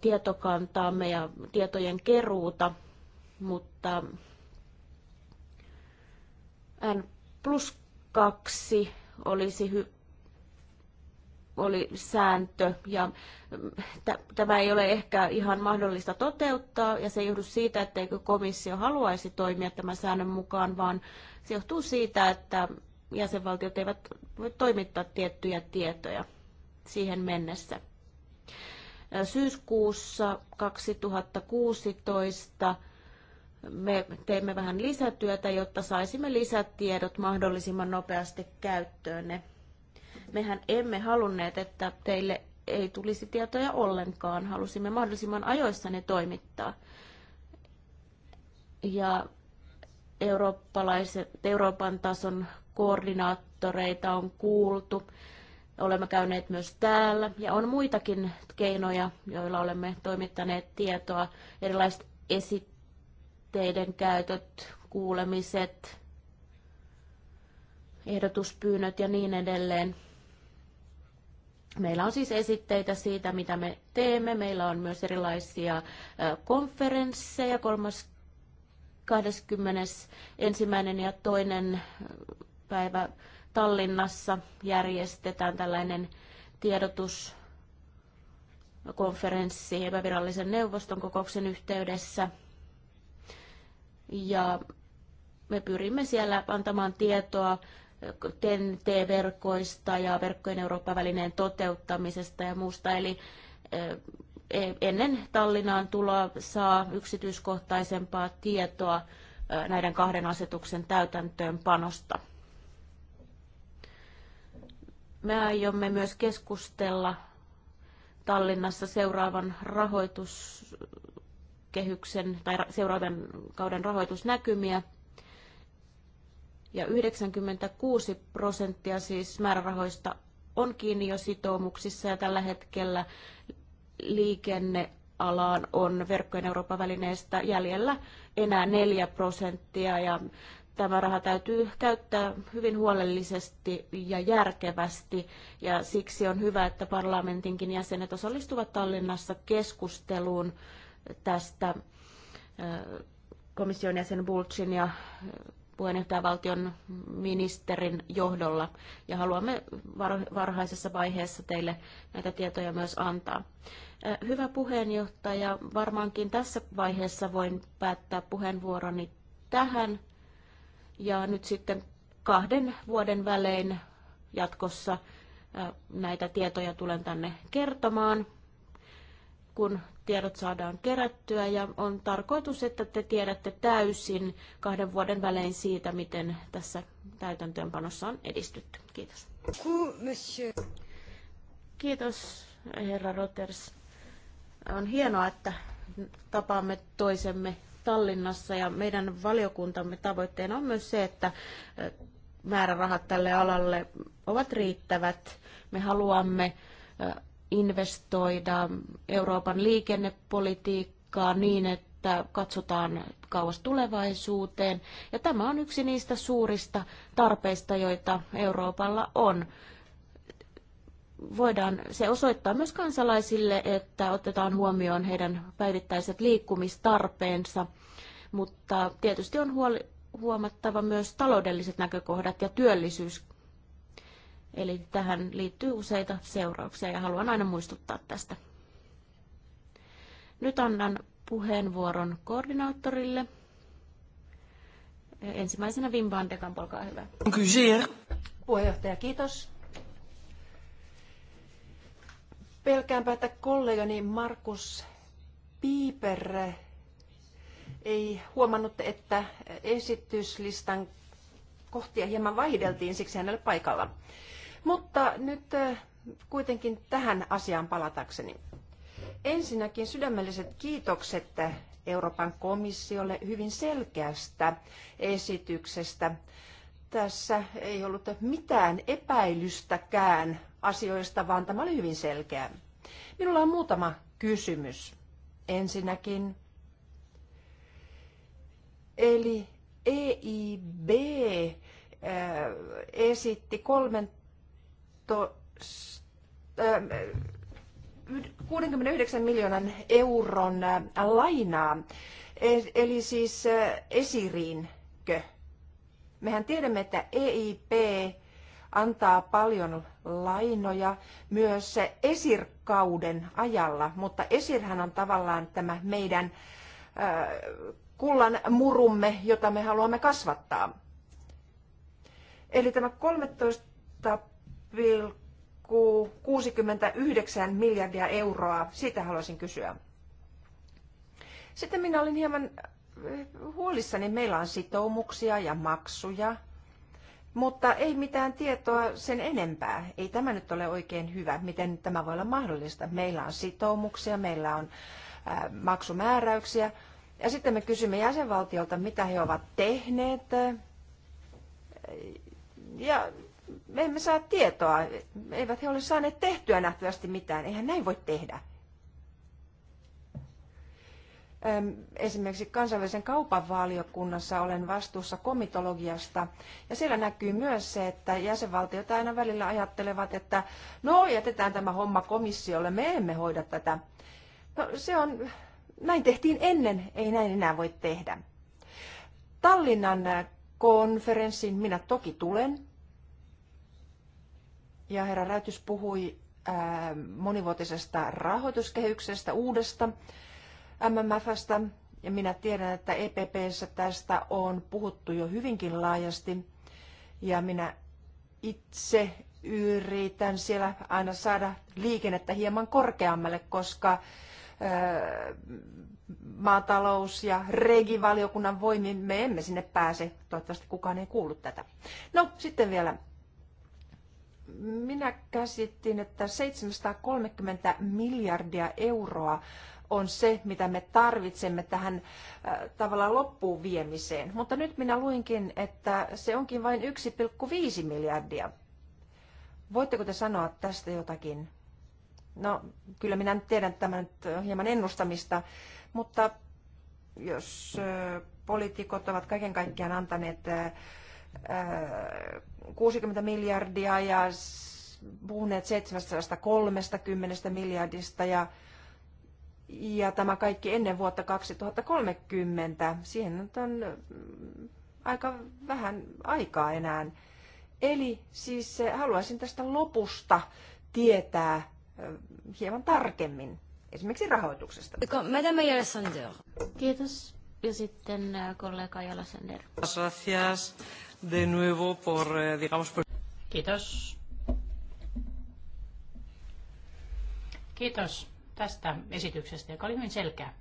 tietokantaamme ja tietojen keruuta, mutta N plus 2 olisi hy- oli sääntö ja mm, tämä ei ole ehkä ihan mahdollista toteuttaa ja se ei johdu siitä, etteikö komissio haluaisi toimia tämän säännön mukaan, vaan se johtuu siitä, että jäsenvaltiot eivät voi toimittaa tiettyjä tietoja siihen mennessä. Syyskuussa 2016 me teimme vähän lisätyötä, jotta saisimme lisätiedot mahdollisimman nopeasti käyttöön. Ne Mehän emme halunneet, että teille ei tulisi tietoja ollenkaan. Halusimme mahdollisimman ajoissa ne toimittaa. Ja eurooppalaiset, Euroopan tason koordinaattoreita on kuultu. Olemme käyneet myös täällä ja on muitakin keinoja, joilla olemme toimittaneet tietoa. Erilaiset esitteiden käytöt, kuulemiset, ehdotuspyynnöt ja niin edelleen. Meillä on siis esitteitä siitä, mitä me teemme. Meillä on myös erilaisia konferensseja, 21. ja toinen päivä Tallinnassa järjestetään tällainen tiedotuskonferenssi epävirallisen neuvoston kokouksen yhteydessä. Ja me pyrimme siellä antamaan tietoa TEN-T-verkoista ja verkkojen Eurooppa-välineen toteuttamisesta ja muusta. Eli e, ennen Tallinnaan tuloa saa yksityiskohtaisempaa tietoa näiden kahden asetuksen täytäntöönpanosta. Me aiomme myös keskustella Tallinnassa seuraavan rahoituskehyksen tai seuraavan kauden rahoitusnäkymiä – ja 96 prosenttia siis määrärahoista on kiinni jo sitoumuksissa ja tällä hetkellä liikennealaan on verkkojen Euroopan välineestä jäljellä enää 4 prosenttia ja tämä raha täytyy käyttää hyvin huolellisesti ja järkevästi ja siksi on hyvä, että parlamentinkin jäsenet osallistuvat Tallinnassa keskusteluun tästä komission jäsen Bulcin ja puheenjohtajavaltion ministerin johdolla ja haluamme varhaisessa vaiheessa teille näitä tietoja myös antaa. Hyvä puheenjohtaja, varmaankin tässä vaiheessa voin päättää puheenvuoroni tähän ja nyt sitten kahden vuoden välein jatkossa näitä tietoja tulen tänne kertomaan, kun tiedot saadaan kerättyä ja on tarkoitus, että te tiedätte täysin kahden vuoden välein siitä, miten tässä täytäntöönpanossa on edistytty. Kiitos. Kiitos, herra Roters. On hienoa, että tapaamme toisemme Tallinnassa ja meidän valiokuntamme tavoitteena on myös se, että määrärahat tälle alalle ovat riittävät. Me haluamme investoida Euroopan liikennepolitiikkaa niin, että katsotaan kauas tulevaisuuteen. Ja tämä on yksi niistä suurista tarpeista, joita Euroopalla on. Voidaan se osoittaa myös kansalaisille, että otetaan huomioon heidän päivittäiset liikkumistarpeensa, mutta tietysti on huoli, huomattava myös taloudelliset näkökohdat ja työllisyys Eli tähän liittyy useita seurauksia ja haluan aina muistuttaa tästä. Nyt annan puheenvuoron koordinaattorille. Ensimmäisenä Wim van de Kamp, olkaa hyvä. Puheenjohtaja, kiitos. Pelkäänpä, että kollegani Markus Piiper ei huomannut, että esityslistan kohtia hieman vaihdeltiin, siksi ole paikalla. Mutta nyt eh, kuitenkin tähän asiaan palatakseni. Ensinnäkin sydämelliset kiitokset eh, Euroopan komissiolle hyvin selkeästä esityksestä. Tässä ei ollut mitään epäilystäkään asioista, vaan tämä oli hyvin selkeä. Minulla on muutama kysymys. Ensinnäkin, eli EIB eh, esitti kolmen to, äh, 69 miljoonan euron äh, lainaa, e, eli siis äh, esiriinkö? Mehän tiedämme, että EIP antaa paljon lainoja myös esirkauden ajalla, mutta esirhän on tavallaan tämä meidän äh, kullan murumme, jota me haluamme kasvattaa. Eli tämä 13 69 miljardia euroa. Siitä haluaisin kysyä. Sitten minä olin hieman eh, huolissani. Meillä on sitoumuksia ja maksuja, mutta ei mitään tietoa sen enempää. Ei tämä nyt ole oikein hyvä, miten tämä voi olla mahdollista. Meillä on sitoumuksia, meillä on eh, maksumääräyksiä. Ja sitten me kysymme jäsenvaltiolta, mitä he ovat tehneet. Ja me emme saa tietoa. Eivät he ole saaneet tehtyä nähtävästi mitään. Eihän näin voi tehdä. Esimerkiksi kansainvälisen kaupan valiokunnassa olen vastuussa komitologiasta ja siellä näkyy myös se, että jäsenvaltiot aina välillä ajattelevat, että no jätetään tämä homma komissiolle, me emme hoida tätä. No se on, näin tehtiin ennen, ei näin enää voi tehdä. Tallinnan konferenssiin minä toki tulen, ja herra Räytys puhui monivuotisesta rahoituskehyksestä, uudesta MMFstä. Ja minä tiedän, että EPPssä tästä on puhuttu jo hyvinkin laajasti. Ja minä itse yritän siellä aina saada liikennettä hieman korkeammalle, koska maatalous- ja regivaliokunnan voimin me emme sinne pääse. Toivottavasti kukaan ei kuullut tätä. No, sitten vielä minä käsittin, että 730 miljardia euroa on se, mitä me tarvitsemme tähän äh, tavallaan loppuun viemiseen. Mutta nyt minä luinkin, että se onkin vain 1,5 miljardia. Voitteko te sanoa tästä jotakin? No, kyllä minä nyt tiedän tämän äh, hieman ennustamista, mutta jos äh, poliitikot ovat kaiken kaikkiaan antaneet 60 äh, miljardia ja puhuneet 730 miljardista ja, ja tämä kaikki ennen vuotta 2030. Siihen nyt on mm, aika vähän aikaa enää. Eli siis eh, haluaisin tästä lopusta tietää eh, hieman tarkemmin, esimerkiksi rahoituksesta. Madame Ayala Kiitos. Ja sitten eh, kollega Ayala Gracias de nuevo por, eh, digamos, por... Kiitos. Kiitos tästä esityksestä, joka oli hyvin selkeä.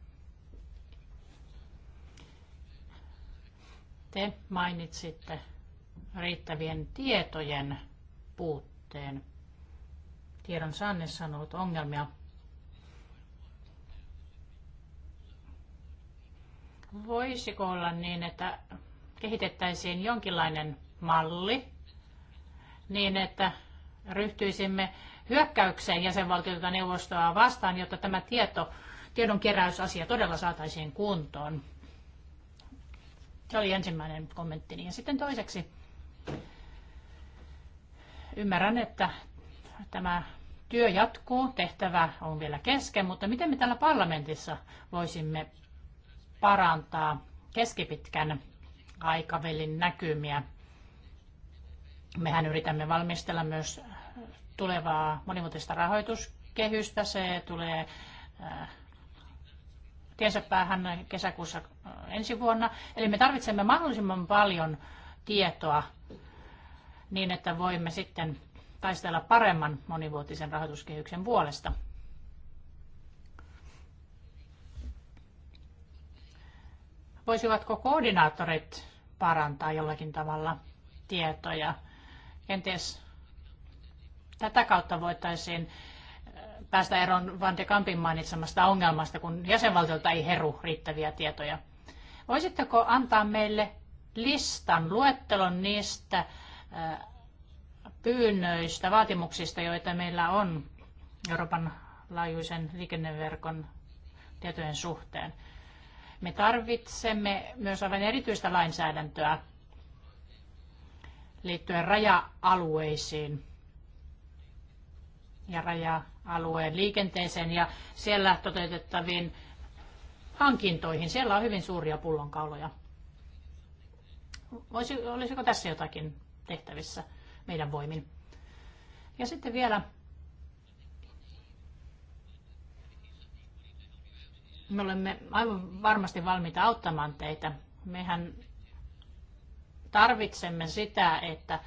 Te mainitsitte riittävien tietojen puutteen. Tiedon saannissa on ollut ongelmia. Voisiko olla niin, että kehitettäisiin jonkinlainen malli niin, että ryhtyisimme hyökkäykseen jäsenvaltiota neuvostoa vastaan, jotta tämä tieto, keräysasia todella saataisiin kuntoon. Se oli ensimmäinen kommenttini. Ja sitten toiseksi ymmärrän, että tämä työ jatkuu, tehtävä on vielä kesken, mutta miten me täällä parlamentissa voisimme parantaa keskipitkän aikavälin näkymiä. Mehän yritämme valmistella myös tulevaa monimuotoista rahoituskehystä. Se tulee äh, tiensä päähän kesäkuussa äh, ensi vuonna. Eli me tarvitsemme mahdollisimman paljon tietoa niin, että voimme sitten taistella paremman monivuotisen rahoituskehyksen puolesta. voisivatko koordinaattorit parantaa jollakin tavalla tietoja? Kenties tätä kautta voitaisiin äh, päästä eroon Van de Kampin mainitsemasta ongelmasta, kun jäsenvaltiolta ei heru riittäviä tietoja. Voisitteko antaa meille listan, luettelon niistä äh, pyynnöistä, vaatimuksista, joita meillä on Euroopan laajuisen liikenneverkon tietojen suhteen? Me tarvitsemme myös aivan erityistä lainsäädäntöä liittyen raja-alueisiin ja raja-alueen liikenteeseen ja siellä toteutettaviin hankintoihin. Siellä on hyvin suuria pullonkauloja. Voisi, olisiko tässä jotakin tehtävissä meidän voimin? Ja sitten vielä Me olemme aivan varmasti valmiita auttamaan teitä. Mehän tarvitsemme sitä, että äh,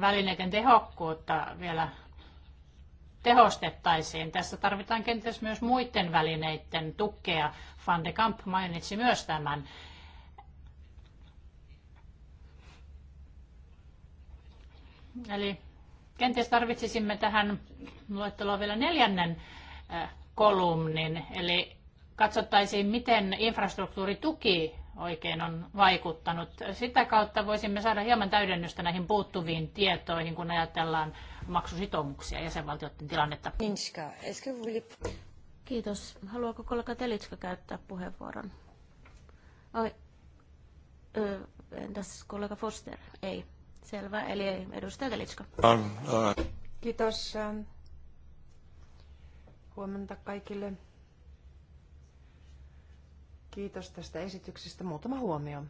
välineiden tehokkuutta vielä tehostettaisiin. Tässä tarvitaan kenties myös muiden välineiden tukea. Van de Kamp mainitsi myös tämän. Eli kenties tarvitsisimme tähän luetteloon vielä neljännen äh, kolumnin, eli katsottaisiin, miten infrastruktuurituki oikein on vaikuttanut. Sitä kautta voisimme saada hieman täydennystä näihin puuttuviin tietoihin, kun ajatellaan maksusitoumuksia jäsenvaltioiden tilannetta. Kiitos. Haluaako kollega Telitska käyttää puheenvuoron? Oi. Ö, entäs kollega Foster? Ei. Selvä. Eli ei. Edustaja Telitska. Um, uh, Kiitos. Huomenta kaikille. Kiitos tästä esityksestä. Muutama huomio.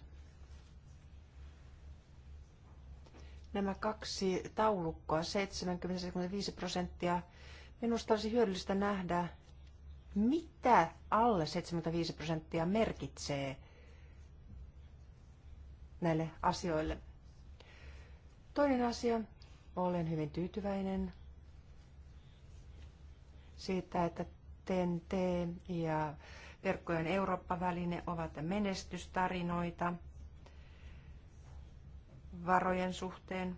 Nämä kaksi taulukkoa, 70-75 prosenttia, minusta olisi hyödyllistä nähdä, mitä alle 75 prosenttia merkitsee näille asioille. Toinen asia, olen hyvin tyytyväinen siitä, että TNT ja verkkojen Eurooppa-väline ovat menestystarinoita varojen suhteen.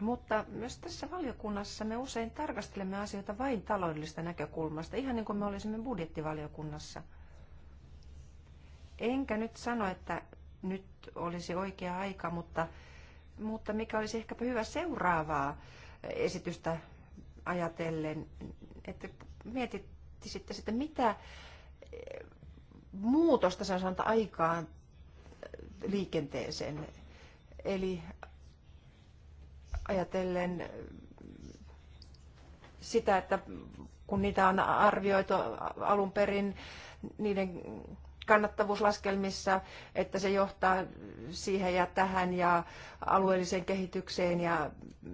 Mutta myös tässä valiokunnassa me usein tarkastelemme asioita vain taloudellisesta näkökulmasta, ihan niin kuin me olisimme budjettivaliokunnassa. Enkä nyt sano, että nyt olisi oikea aika, mutta, mutta mikä olisi ehkäpä hyvä seuraavaa esitystä ajatellen, että mietittisitte sitten, mitä eh, muutosta se on aikaan eh, liikenteeseen. Eli ajatellen eh, sitä, että kun niitä on arvioitu alun perin, niiden kannattavuuslaskelmissa, että se johtaa siihen ja tähän ja alueelliseen kehitykseen ja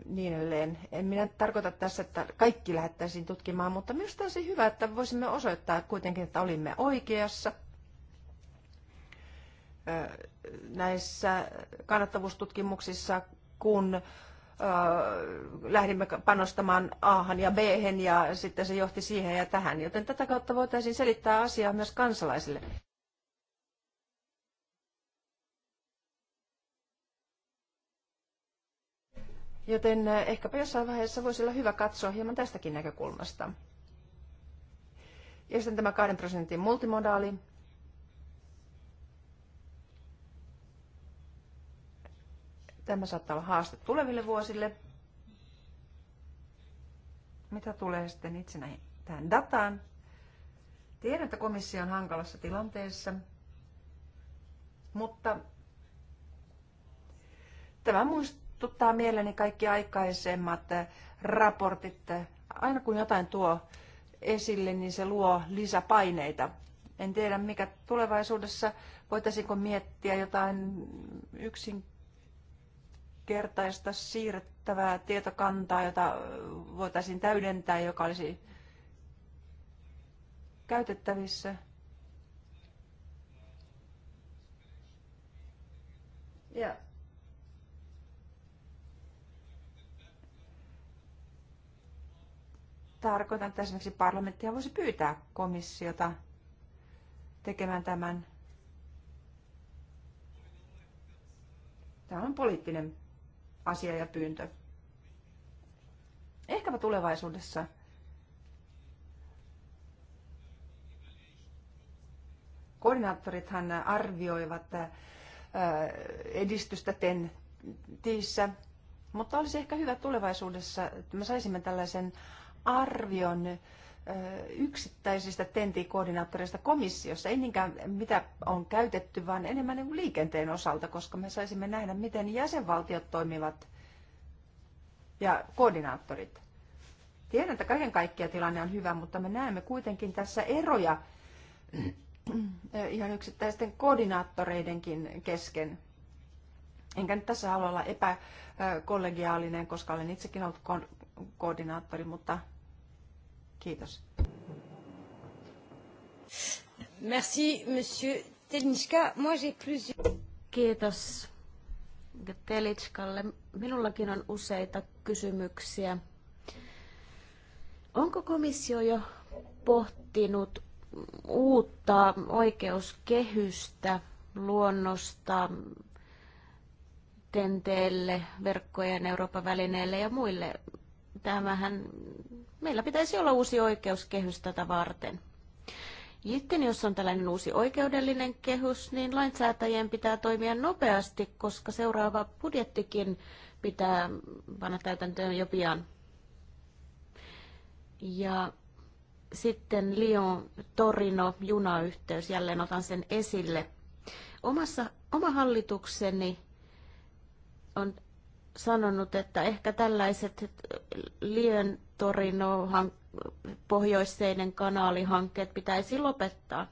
niin edelleen. En minä tarkoita tässä, että kaikki lähettäisiin tutkimaan, mutta minusta olisi hyvä, että voisimme osoittaa kuitenkin, että olimme oikeassa näissä kannattavuustutkimuksissa, kun lähdimme panostamaan A ja B ja sitten se johti siihen ja tähän. Joten tätä kautta voitaisiin selittää asiaa myös kansalaisille. Joten eh, ehkäpä jossain vaiheessa voisi olla hyvä katsoa hieman tästäkin näkökulmasta. Ja sitten tämä 2 prosentin multimodaali. Tämä saattaa olla haaste tuleville vuosille. Mitä tulee sitten itse näihin, tähän dataan? Tiedän, että komissio on hankalassa tilanteessa, mutta tämä muist muistuttaa mieleni kaikki aikaisemmat eh, raportit. Aina kun jotain tuo esille, niin se luo lisäpaineita. En tiedä, mikä tulevaisuudessa voitaisiinko miettiä jotain yksinkertaista siirrettävää tietokantaa, jota voitaisiin täydentää, joka olisi käytettävissä. Yeah. tarkoitan, että esimerkiksi parlamenttia voisi pyytää komissiota tekemään tämän. Tämä on poliittinen asia ja pyyntö. Ehkäpä tulevaisuudessa koordinaattorithan arvioivat äh, edistystä TEN-tiissä, mutta olisi ehkä hyvä tulevaisuudessa, että me saisimme tällaisen arvion yksittäisistä TENTI-koordinaattoreista komissiossa, ei niinkään mitä on käytetty, vaan enemmän niin liikenteen osalta, koska me saisimme nähdä, miten jäsenvaltiot toimivat ja koordinaattorit. Tiedän, että kaiken kaikkiaan tilanne on hyvä, mutta me näemme kuitenkin tässä eroja ihan yksittäisten koordinaattoreidenkin kesken. Enkä nyt tässä halua olla epäkollegiaalinen, koska olen itsekin ollut koordinaattori, mutta Kiitos. Merci, monsieur Moi, j'ai plusieurs... Kiitos Telitskalle. Minullakin on useita kysymyksiä. Onko komissio jo pohtinut uutta oikeuskehystä luonnosta TENTEelle, verkkojen Euroopan välineelle ja muille tämähän, meillä pitäisi olla uusi oikeuskehys tätä varten. Sitten jos on tällainen uusi oikeudellinen kehys, niin lainsäätäjien pitää toimia nopeasti, koska seuraava budjettikin pitää panna täytäntöön jo pian. Ja sitten Lyon-Torino-junayhteys, jälleen otan sen esille. Omassa, oma hallitukseni on sanonut, että ehkä tällaiset Lientorino pohjoisseinen kanaalihankkeet pitäisi lopettaa.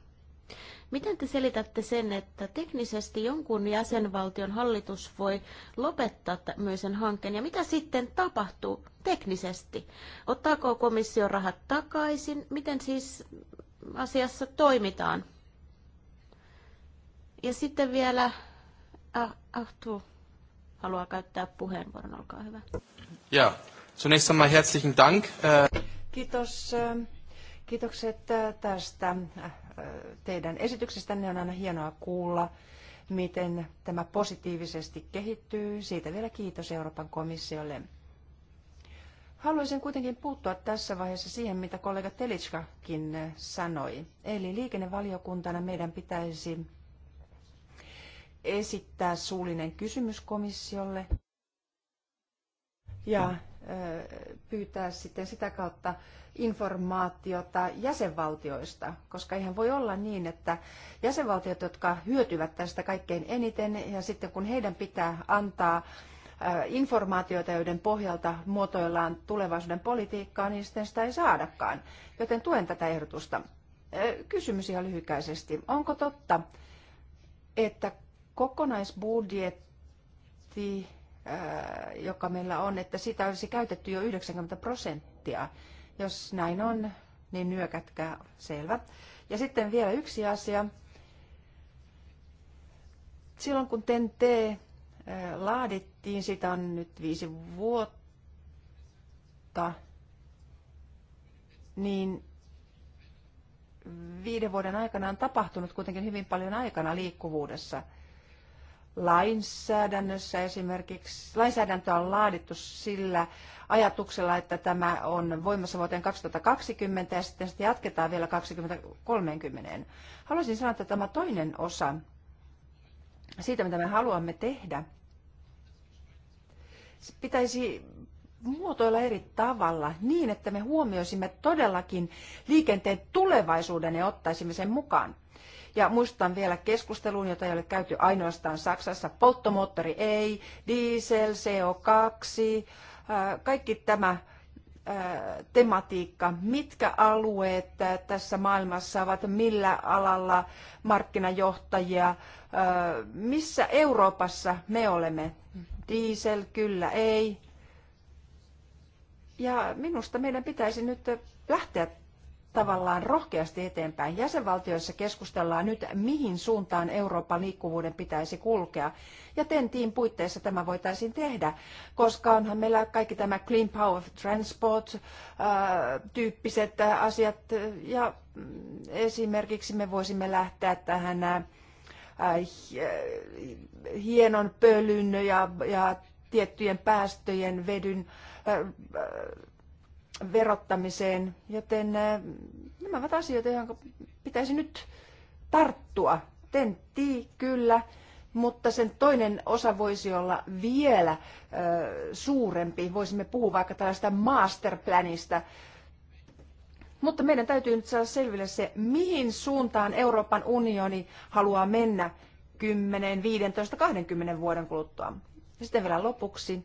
Miten te selitätte sen, että teknisesti jonkun jäsenvaltion hallitus voi lopettaa tämmöisen hankkeen, ja mitä sitten tapahtuu teknisesti? Ottaako komissio rahat takaisin? Miten siis asiassa toimitaan? Ja sitten vielä, ah, ah tuu haluaa käyttää puheenvuoron. Olkaa hyvä. Ja, zunächst einmal herzlichen Dank. Äh, kiitos. Äh, kiitokset äh, tästä teidän esityksestänne. On aina hienoa kuulla, miten tämä positiivisesti kehittyy. Siitä vielä kiitos Euroopan komissiolle. Haluaisin kuitenkin puuttua tässä vaiheessa siihen, mitä kollega Telitskakin sanoi. Eli liikennevaliokuntana meidän pitäisi esittää suullinen kysymys komissiolle ja pyytää sitten sitä kautta informaatiota jäsenvaltioista, koska eihän voi olla niin, että jäsenvaltiot, jotka hyötyvät tästä kaikkein eniten, ja sitten kun heidän pitää antaa informaatioita, joiden pohjalta muotoillaan tulevaisuuden politiikkaa, niin sitten sitä ei saadakaan. Joten tuen tätä ehdotusta. Kysymys ihan lyhykäisesti. Onko totta, että kokonaisbudjetti, äh, joka meillä on, että sitä olisi käytetty jo 90 prosenttia. Jos näin on, niin nyökätkää, selvä. Ja sitten vielä yksi asia. Silloin kun TNT äh, laadittiin, sitä on nyt viisi vuotta, niin viiden vuoden aikana on tapahtunut kuitenkin hyvin paljon aikana liikkuvuudessa – lainsäädännössä esimerkiksi. Lainsäädäntö on laadittu sillä ajatuksella, että tämä on voimassa vuoteen 2020 ja sitten sitä jatketaan vielä 2030. Haluaisin sanoa, että tämä toinen osa siitä, mitä me haluamme tehdä, pitäisi muotoilla eri tavalla niin, että me huomioisimme todellakin liikenteen tulevaisuuden ja ottaisimme sen mukaan. Ja muistutan vielä keskusteluun, jota ei ole käyty ainoastaan Saksassa. Polttomoottori ei, diesel, CO2, äh, kaikki tämä äh, tematiikka, mitkä alueet äh, tässä maailmassa ovat, millä alalla markkinajohtajia, missä Euroopassa me olemme. Diesel, kyllä, ei. Ja minusta meidän pitäisi nyt lähteä tavallaan rohkeasti eteenpäin. Jäsenvaltioissa keskustellaan nyt, mihin suuntaan Euroopan liikkuvuuden pitäisi kulkea. Ja TEN-tiin puitteissa tämä voitaisiin tehdä, koska onhan meillä kaikki tämä Clean Power of Transport äh, tyyppiset asiat. Ja mm, esimerkiksi me voisimme lähteä tähän äh, äh, hienon pölyn ja, ja tiettyjen päästöjen vedyn verottamiseen, joten äh, nämä ovat asioita, joihin pitäisi nyt tarttua. Tentti kyllä, mutta sen toinen osa voisi olla vielä ö, äh, suurempi. Voisimme puhua vaikka tällaista masterplanista. Mutta meidän täytyy nyt saada selville se, mihin suuntaan Euroopan unioni haluaa mennä 10, 15, 20 vuoden kuluttua. Ja sitten vielä lopuksi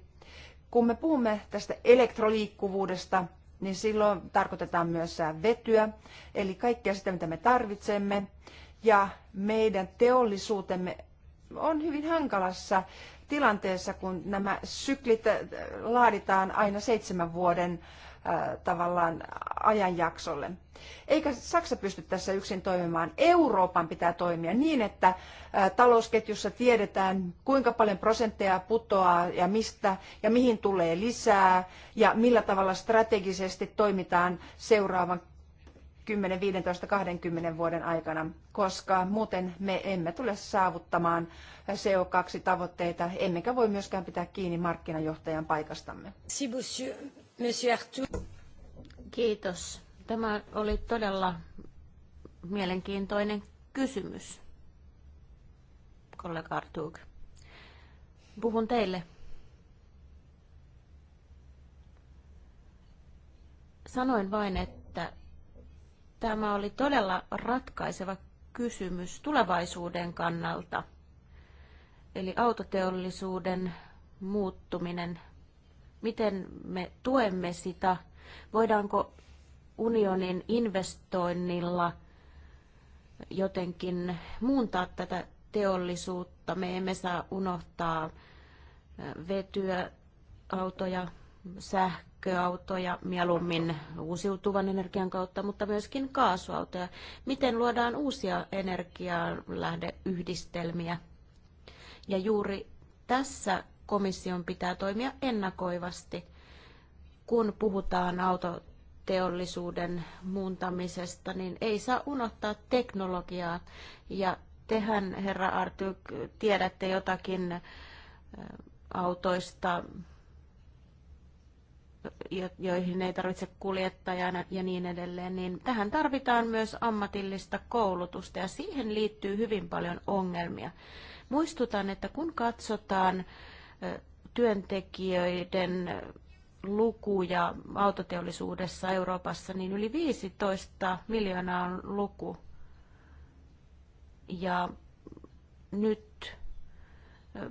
kun me puhumme tästä elektroliikkuvuudesta, niin silloin tarkoitetaan myös vetyä, eli kaikkea sitä, mitä me tarvitsemme. Ja meidän teollisuutemme on hyvin hankalassa tilanteessa, kun nämä syklit laaditaan aina seitsemän vuoden tavallaan ajanjaksolle. Eikä Saksa pysty tässä yksin toimimaan. Euroopan pitää toimia niin, että talousketjussa tiedetään, kuinka paljon prosentteja putoaa ja mistä ja mihin tulee lisää ja millä tavalla strategisesti toimitaan seuraavan 10, 15, 20 vuoden aikana, koska muuten me emme tule saavuttamaan CO2-tavoitteita, emmekä voi myöskään pitää kiinni markkinajohtajan paikastamme. Kiitos. Tämä oli todella mielenkiintoinen kysymys, kollega Artug. Puhun teille. Sanoin vain, että tämä oli todella ratkaiseva kysymys tulevaisuuden kannalta. Eli autoteollisuuden muuttuminen miten me tuemme sitä, voidaanko unionin investoinnilla jotenkin muuntaa tätä teollisuutta. Me emme saa unohtaa vetyä, autoja, sähköautoja, mieluummin uusiutuvan energian kautta, mutta myöskin kaasuautoja. Miten luodaan uusia energialähdeyhdistelmiä? Ja juuri tässä komission pitää toimia ennakoivasti, kun puhutaan autoteollisuuden muuntamisesta, niin ei saa unohtaa teknologiaa. Ja tehän, herra Artyk, tiedätte jotakin autoista, joihin ei tarvitse kuljettajana ja niin edelleen, niin tähän tarvitaan myös ammatillista koulutusta ja siihen liittyy hyvin paljon ongelmia. Muistutan, että kun katsotaan työntekijöiden lukuja autoteollisuudessa Euroopassa, niin yli 15 miljoonaa on luku. Ja nyt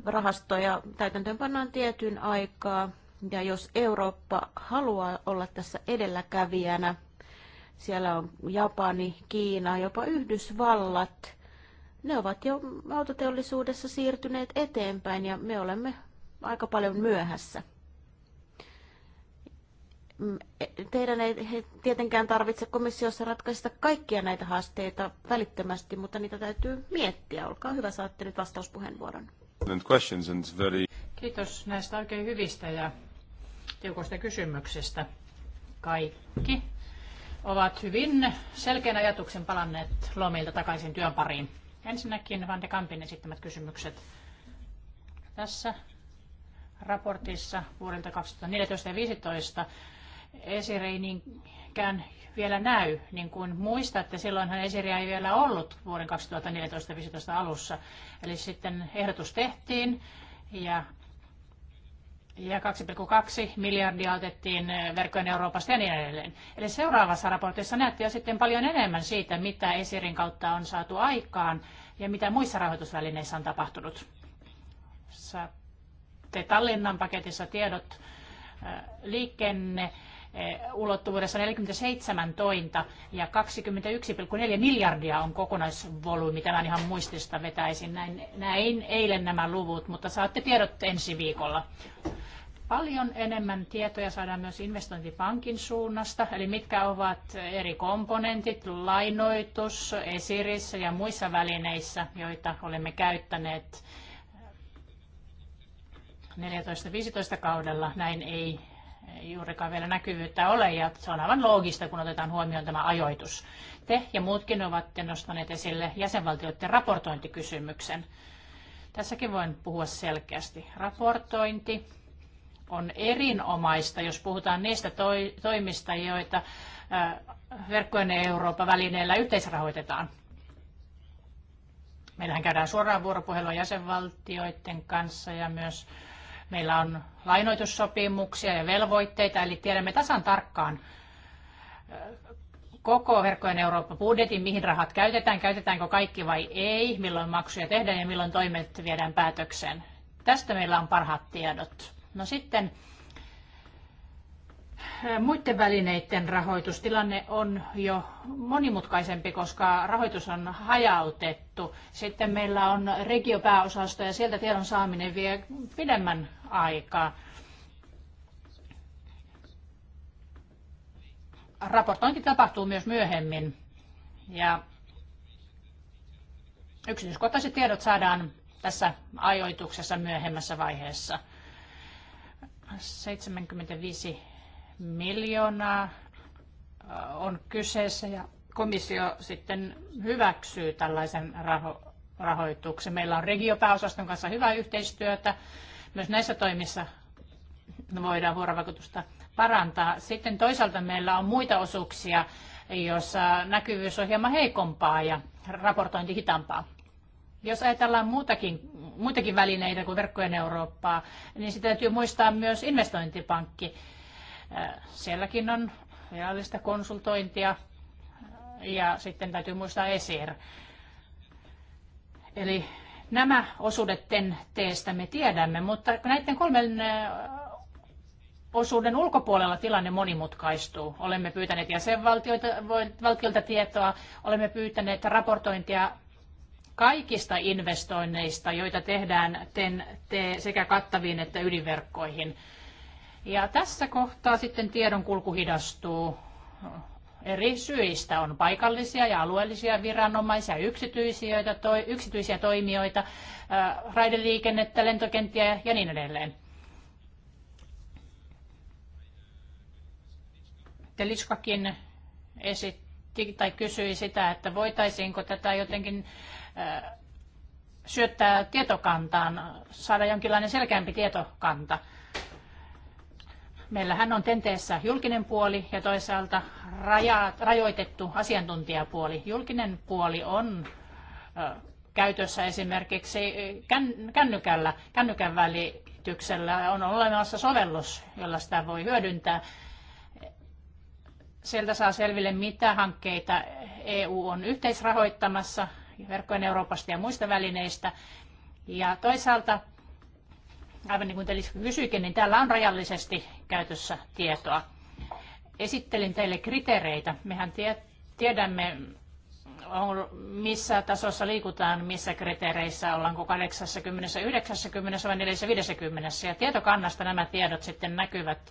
rahastoja täytäntöön pannaan tietyn aikaa, ja jos Eurooppa haluaa olla tässä edelläkävijänä, siellä on Japani, Kiina, jopa Yhdysvallat, ne ovat jo autoteollisuudessa siirtyneet eteenpäin ja me olemme aika paljon myöhässä. Mm, teidän ei tietenkään tarvitse komissiossa ratkaista kaikkia näitä haasteita välittömästi, mutta niitä täytyy miettiä. Olkaa hyvä, saatte nyt vastauspuheenvuoron. Kiitos näistä oikein hyvistä ja tiukoista kysymyksistä. Kaikki ovat hyvin selkeän ajatuksen palanneet lomilta takaisin työn pariin. Ensinnäkin Van de Kampin esittämät kysymykset. Tässä raportissa vuodelta 2014 ja 2015 esireininkään vielä näy. Niin kuin muistatte, silloinhan Esiri ei vielä ollut vuoden 2014-2015 alussa. Eli sitten ehdotus tehtiin ja ja 2,2 miljardia otettiin verkkojen Euroopasta ja niin edelleen. Eli seuraavassa raportissa näette jo sitten paljon enemmän siitä, mitä Esirin kautta on saatu aikaan ja mitä muissa rahoitusvälineissä on tapahtunut. Saat sitten Tallinnan paketissa tiedot liikenne ulottuvuudessa 47 tointa ja 21,4 miljardia on kokonaisvolyymi. Tämän ihan muistista vetäisin. Näin, näin eilen nämä luvut, mutta saatte tiedot ensi viikolla. Paljon enemmän tietoja saadaan myös investointipankin suunnasta, eli mitkä ovat eri komponentit, lainoitus, esirissä ja muissa välineissä, joita olemme käyttäneet 2014-2015 kaudella näin ei juurikaan vielä näkyvyyttä ole ja se on aivan loogista, kun otetaan huomioon tämä ajoitus. Te ja muutkin ovat nostaneet esille jäsenvaltioiden raportointikysymyksen. Tässäkin voin puhua selkeästi. Raportointi on erinomaista, jos puhutaan niistä toi, toimista, joita verkkojen Euroopan välineellä yhteisrahoitetaan. Meillähän käydään suoraan vuoropuhelua jäsenvaltioiden kanssa ja myös Meillä on lainoitussopimuksia ja velvoitteita, eli tiedämme tasan tarkkaan koko Verkkojen Eurooppa-budjetin, mihin rahat käytetään, käytetäänkö kaikki vai ei, milloin maksuja tehdään ja milloin toimet viedään päätökseen. Tästä meillä on parhaat tiedot. No sitten muiden välineiden rahoitustilanne on jo monimutkaisempi, koska rahoitus on hajautettu. Sitten meillä on regiopääosasto ja sieltä tiedon saaminen vie pidemmän aikaa. Raportointi tapahtuu myös myöhemmin ja yksityiskohtaiset tiedot saadaan tässä ajoituksessa myöhemmässä vaiheessa. 75 miljoonaa äh, on kyseessä ja komissio sitten hyväksyy tällaisen raho- rahoituksen. Meillä on regiopääosaston kanssa hyvää yhteistyötä. Myös näissä toimissa voidaan vuorovaikutusta parantaa. Sitten toisaalta meillä on muita osuuksia, joissa näkyvyys on hieman heikompaa ja raportointi hitaampaa. Jos ajatellaan muutakin, muitakin välineitä kuin verkkojen Eurooppaa, niin sitä täytyy muistaa myös investointipankki Äh, sielläkin on reaalista konsultointia äh, ja sitten täytyy muistaa ESIR. Eli nämä osuudet teestä me tiedämme, mutta näiden kolmen äh, osuuden ulkopuolella tilanne monimutkaistuu. Olemme pyytäneet jäsenvaltioilta tietoa, olemme pyytäneet raportointia kaikista investoinneista, joita tehdään TEN-T sekä kattaviin että ydinverkkoihin. Ja tässä kohtaa sitten tiedon kulku hidastuu eri syistä. On paikallisia ja alueellisia viranomaisia, yksityisiä, toi, yksityisiä toimijoita, ää, äh, raideliikennettä, lentokenttiä ja niin edelleen. Teliskakin esitti tai kysyi sitä, että voitaisiinko tätä jotenkin ää, äh, syöttää tietokantaan, saada jonkinlainen selkeämpi tietokanta. Meillähän on tenteessä julkinen puoli ja toisaalta raja, rajoitettu asiantuntijapuoli. Julkinen puoli on käytössä esimerkiksi kännykällä, kännykän välityksellä on olemassa sovellus, jolla sitä voi hyödyntää. Sieltä saa selville, mitä hankkeita EU on yhteisrahoittamassa verkkojen Euroopasta ja muista välineistä. Ja toisaalta aivan niin kuin Teliska kysyikin, niin täällä on rajallisesti käytössä tietoa. Esittelin teille kriteereitä. Mehän tie, tiedämme, on, missä tasossa liikutaan, missä kriteereissä ollaanko 80, 90 vai 450. Ja tietokannasta nämä tiedot sitten näkyvät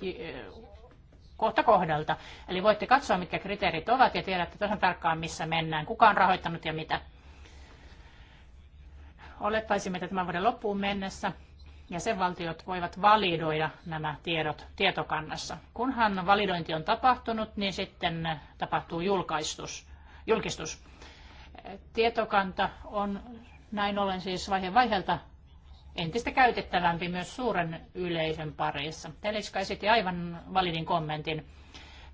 kohta kohdalta. Eli voitte katsoa, mitkä kriteerit ovat ja tiedätte tosiaan tarkkaan, missä mennään, kuka on rahoittanut ja mitä. Olettaisimme, että tämän vuoden loppuun mennessä jäsenvaltiot voivat validoida nämä tiedot tietokannassa. Kunhan validointi on tapahtunut, niin sitten tapahtuu julkaistus, julkistus. Tietokanta on näin ollen siis vaihe vaiheelta entistä käytettävämpi myös suuren yleisön parissa. Teliska esitti aivan validin kommentin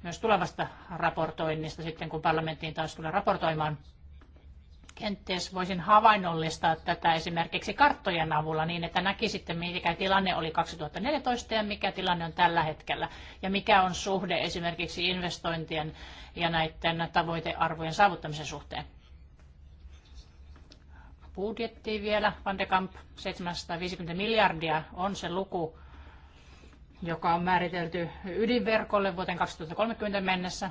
myös tulevasta raportoinnista sitten, kun parlamenttiin taas tulee raportoimaan – Kenties voisin havainnollistaa tätä esimerkiksi karttojen avulla niin, että näkisitte, mikä tilanne oli 2014 ja mikä tilanne on tällä hetkellä. Ja mikä on suhde esimerkiksi investointien ja näiden tavoitearvojen saavuttamisen suhteen. Budjetti vielä, Van de Kamp, 750 miljardia on se luku, joka on määritelty ydinverkolle vuoteen 2030 mennessä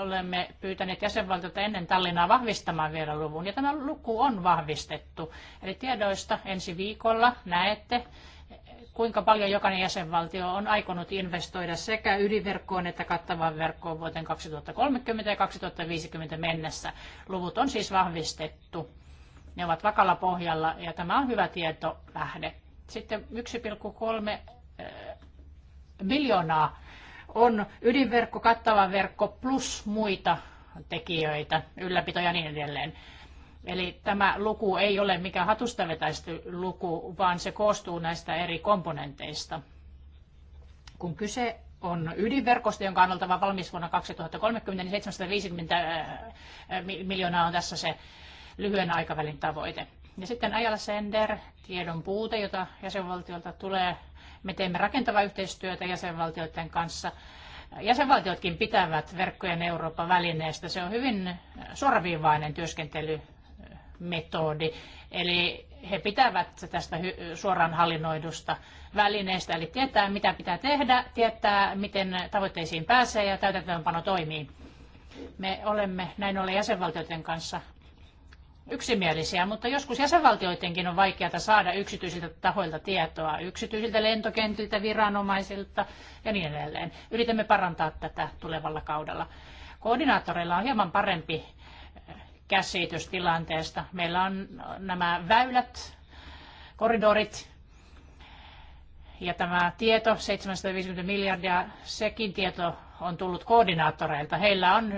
olemme pyytäneet jäsenvaltiota ennen Tallinnaa vahvistamaan vielä luvun, ja tämä luku on vahvistettu. Eli tiedoista ensi viikolla näette, kuinka paljon jokainen jäsenvaltio on aikonut investoida sekä ydinverkkoon että kattavaan verkkoon vuoteen 2030 ja 2050 mennessä. Luvut on siis vahvistettu. Ne ovat vakalla pohjalla ja tämä on hyvä tietolähde. Sitten 1,3 biljoonaa on ydinverkko, kattava verkko plus muita tekijöitä, ylläpito ja niin edelleen. Eli tämä luku ei ole mikään hatusta vetäisty luku, vaan se koostuu näistä eri komponenteista. Kun kyse on ydinverkosta, jonka on oltava valmis vuonna 2030, niin 750 äh, äh, miljoonaa on tässä se lyhyen aikavälin tavoite. Ja sitten ajalla sender, tiedon puute, jota jäsenvaltiolta tulee me teemme rakentavaa yhteistyötä jäsenvaltioiden kanssa. Jäsenvaltiotkin pitävät verkkojen Euroopan välineestä. Se on hyvin suoraviivainen työskentelymetodi. Eli he pitävät tästä suoraan hallinnoidusta välineestä, eli tietää mitä pitää tehdä, tietää miten tavoitteisiin pääsee ja täytäntöönpano toimii. Me olemme näin ollen jäsenvaltioiden kanssa yksimielisiä, mutta joskus jäsenvaltioidenkin on vaikeaa saada yksityisiltä tahoilta tietoa, yksityisiltä lentokentiltä, viranomaisilta ja niin edelleen. Yritämme parantaa tätä tulevalla kaudella. Koordinaattoreilla on hieman parempi eh, käsitys tilanteesta. Meillä on nämä väylät, koridorit ja tämä tieto, 750 miljardia, sekin tieto on tullut koordinaattoreilta. Heillä on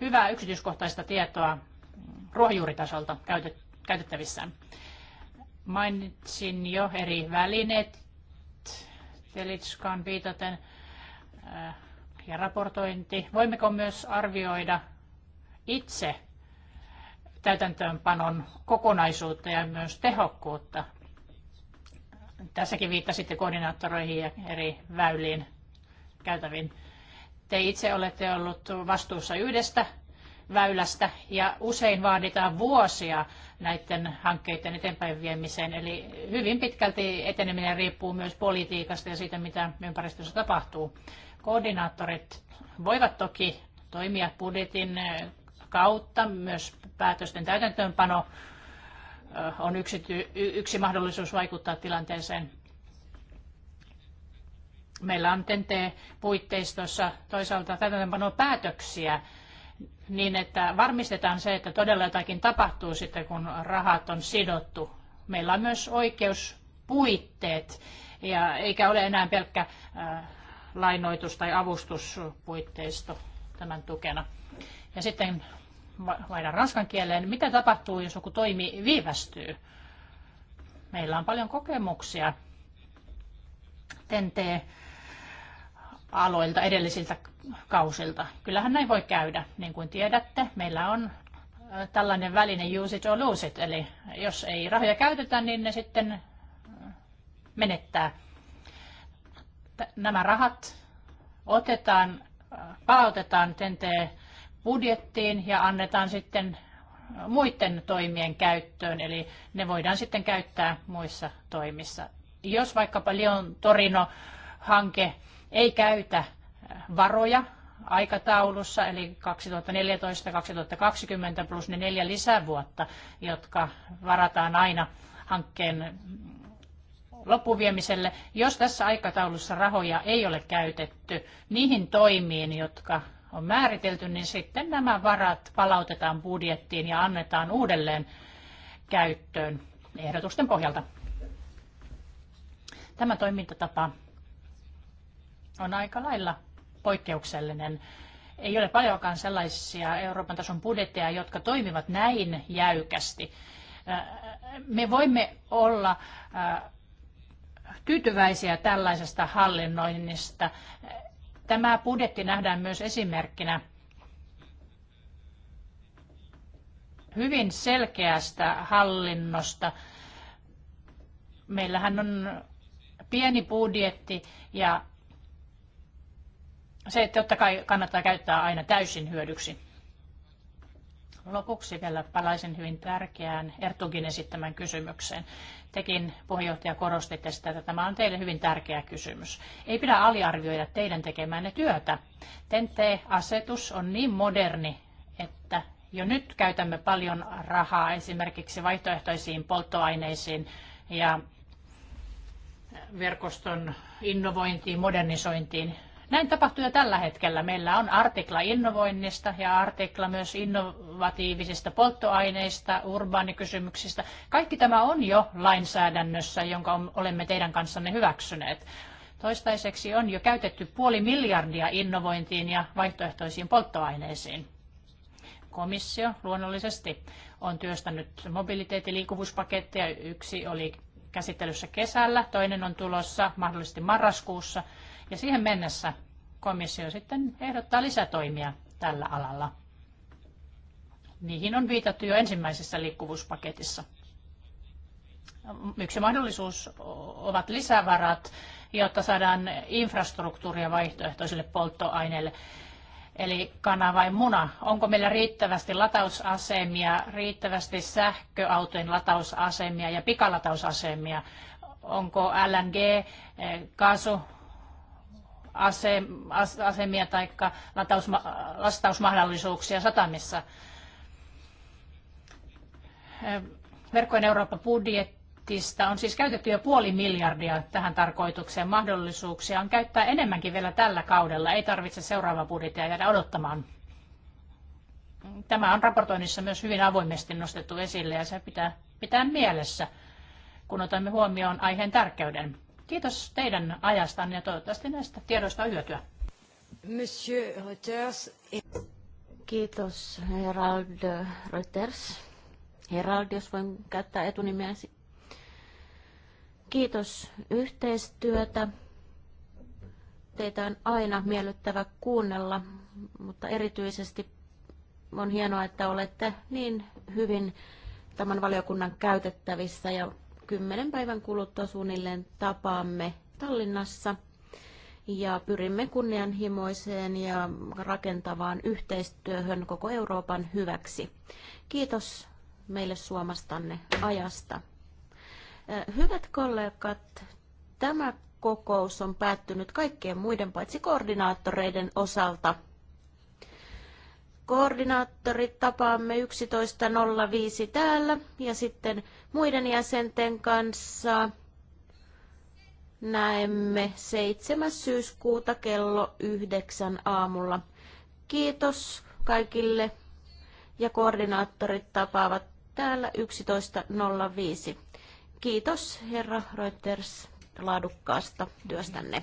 hyvää yksityiskohtaista tietoa ruohonjuuritasolta käytettävissään. Mainitsin jo eri välineet Telitskaan viitaten äh, ja raportointi. Voimmeko myös arvioida itse täytäntöönpanon kokonaisuutta ja myös tehokkuutta? Tässäkin viittasitte koordinaattoreihin ja eri väyliin käytäviin. Te itse olette ollut vastuussa yhdestä väylästä ja usein vaaditaan vuosia näiden hankkeiden eteenpäin viemiseen. Eli hyvin pitkälti eteneminen riippuu myös politiikasta ja siitä, mitä ympäristössä tapahtuu. Koordinaattorit voivat toki toimia budjetin kautta, myös päätösten täytäntöönpano on yksi, yksi mahdollisuus vaikuttaa tilanteeseen. Meillä on TENTE-puitteistossa toisaalta täytäntöönpano päätöksiä, niin, että varmistetaan se, että todella jotakin tapahtuu sitten, kun rahat on sidottu. Meillä on myös oikeuspuitteet, ja eikä ole enää pelkkä lainoitus- tai avustuspuitteisto tämän tukena. Ja sitten vaihdan ranskan kieleen. Mitä tapahtuu, jos joku toimi viivästyy? Meillä on paljon kokemuksia TNT aloilta, edellisiltä kausilta. Kyllähän näin voi käydä. Niin kuin tiedätte, meillä on tällainen väline use it or lose it, eli jos ei rahoja käytetä, niin ne sitten menettää. Nämä rahat otetaan, palautetaan tentee budjettiin ja annetaan sitten muiden toimien käyttöön, eli ne voidaan sitten käyttää muissa toimissa. Jos vaikkapa Lion Torino hanke ei käytä varoja aikataulussa, eli 2014-2020 plus ne neljä lisävuotta, jotka varataan aina hankkeen loppuviemiselle. Jos tässä aikataulussa rahoja ei ole käytetty niihin toimiin, jotka on määritelty, niin sitten nämä varat palautetaan budjettiin ja annetaan uudelleen käyttöön ehdotusten pohjalta. Tämä toimintatapa on aika lailla poikkeuksellinen. Ei ole paljonkaan sellaisia Euroopan tason budjetteja, jotka toimivat näin jäykästi. Äh, me voimme olla äh, tyytyväisiä tällaisesta hallinnoinnista. Tämä budjetti nähdään myös esimerkkinä hyvin selkeästä hallinnosta. Meillähän on pieni budjetti ja se totta kai kannattaa käyttää aina täysin hyödyksi. Lopuksi vielä palaisin hyvin tärkeään Ertugin esittämän kysymykseen. Tekin puheenjohtaja korostitte sitä, että tämä on teille hyvin tärkeä kysymys. Ei pidä aliarvioida teidän tekemänne työtä. ten asetus on niin moderni, että jo nyt käytämme paljon rahaa esimerkiksi vaihtoehtoisiin polttoaineisiin ja verkoston innovointiin, modernisointiin. Näin tapahtuu jo tällä hetkellä. Meillä on artikla innovoinnista ja artikla myös innovatiivisista polttoaineista, urbaanikysymyksistä. Kaikki tämä on jo lainsäädännössä, jonka olemme teidän kanssanne hyväksyneet. Toistaiseksi on jo käytetty puoli miljardia innovointiin ja vaihtoehtoisiin polttoaineisiin. Komissio luonnollisesti on työstänyt mobiliteetti- ja liikkuvuuspaketteja. Yksi oli käsittelyssä kesällä, toinen on tulossa mahdollisesti marraskuussa – ja siihen mennessä komissio sitten ehdottaa lisätoimia tällä alalla. Niihin on viitattu jo ensimmäisessä liikkuvuuspaketissa. Yksi mahdollisuus ovat lisävarat, jotta saadaan infrastruktuuria vaihtoehtoisille polttoaineille. Eli kana vai muna? Onko meillä riittävästi latausasemia, riittävästi sähköautojen latausasemia ja pikalatausasemia? Onko LNG, eh, kaasu, asemia tai lastausmahdollisuuksia satamissa. Verkkojen Eurooppa-budjettista on siis käytetty jo puoli miljardia tähän tarkoitukseen. Mahdollisuuksia on käyttää enemmänkin vielä tällä kaudella. Ei tarvitse seuraavaa budjettia jäädä odottamaan. Tämä on raportoinnissa myös hyvin avoimesti nostettu esille ja se pitää pitää mielessä, kun otamme huomioon aiheen tärkeyden. Kiitos teidän ajastanne ja toivottavasti näistä tiedoista on hyötyä. Monsieur Reuters. Kiitos Herald Reuters. Herald, jos voin käyttää etunimeäsi. Kiitos yhteistyötä. Teitä on aina miellyttävä kuunnella, mutta erityisesti on hienoa, että olette niin hyvin tämän valiokunnan käytettävissä ja kymmenen päivän kuluttua suunnilleen tapaamme Tallinnassa ja pyrimme kunnianhimoiseen ja rakentavaan yhteistyöhön koko Euroopan hyväksi. Kiitos meille suomastanne ajasta. Hyvät kollegat, tämä kokous on päättynyt kaikkien muiden paitsi koordinaattoreiden osalta koordinaattorit tapaamme 11.05 täällä ja sitten muiden jäsenten kanssa näemme 7. syyskuuta kello 9 aamulla. Kiitos kaikille ja koordinaattorit tapaavat täällä 11.05. Kiitos herra Reuters laadukkaasta työstänne.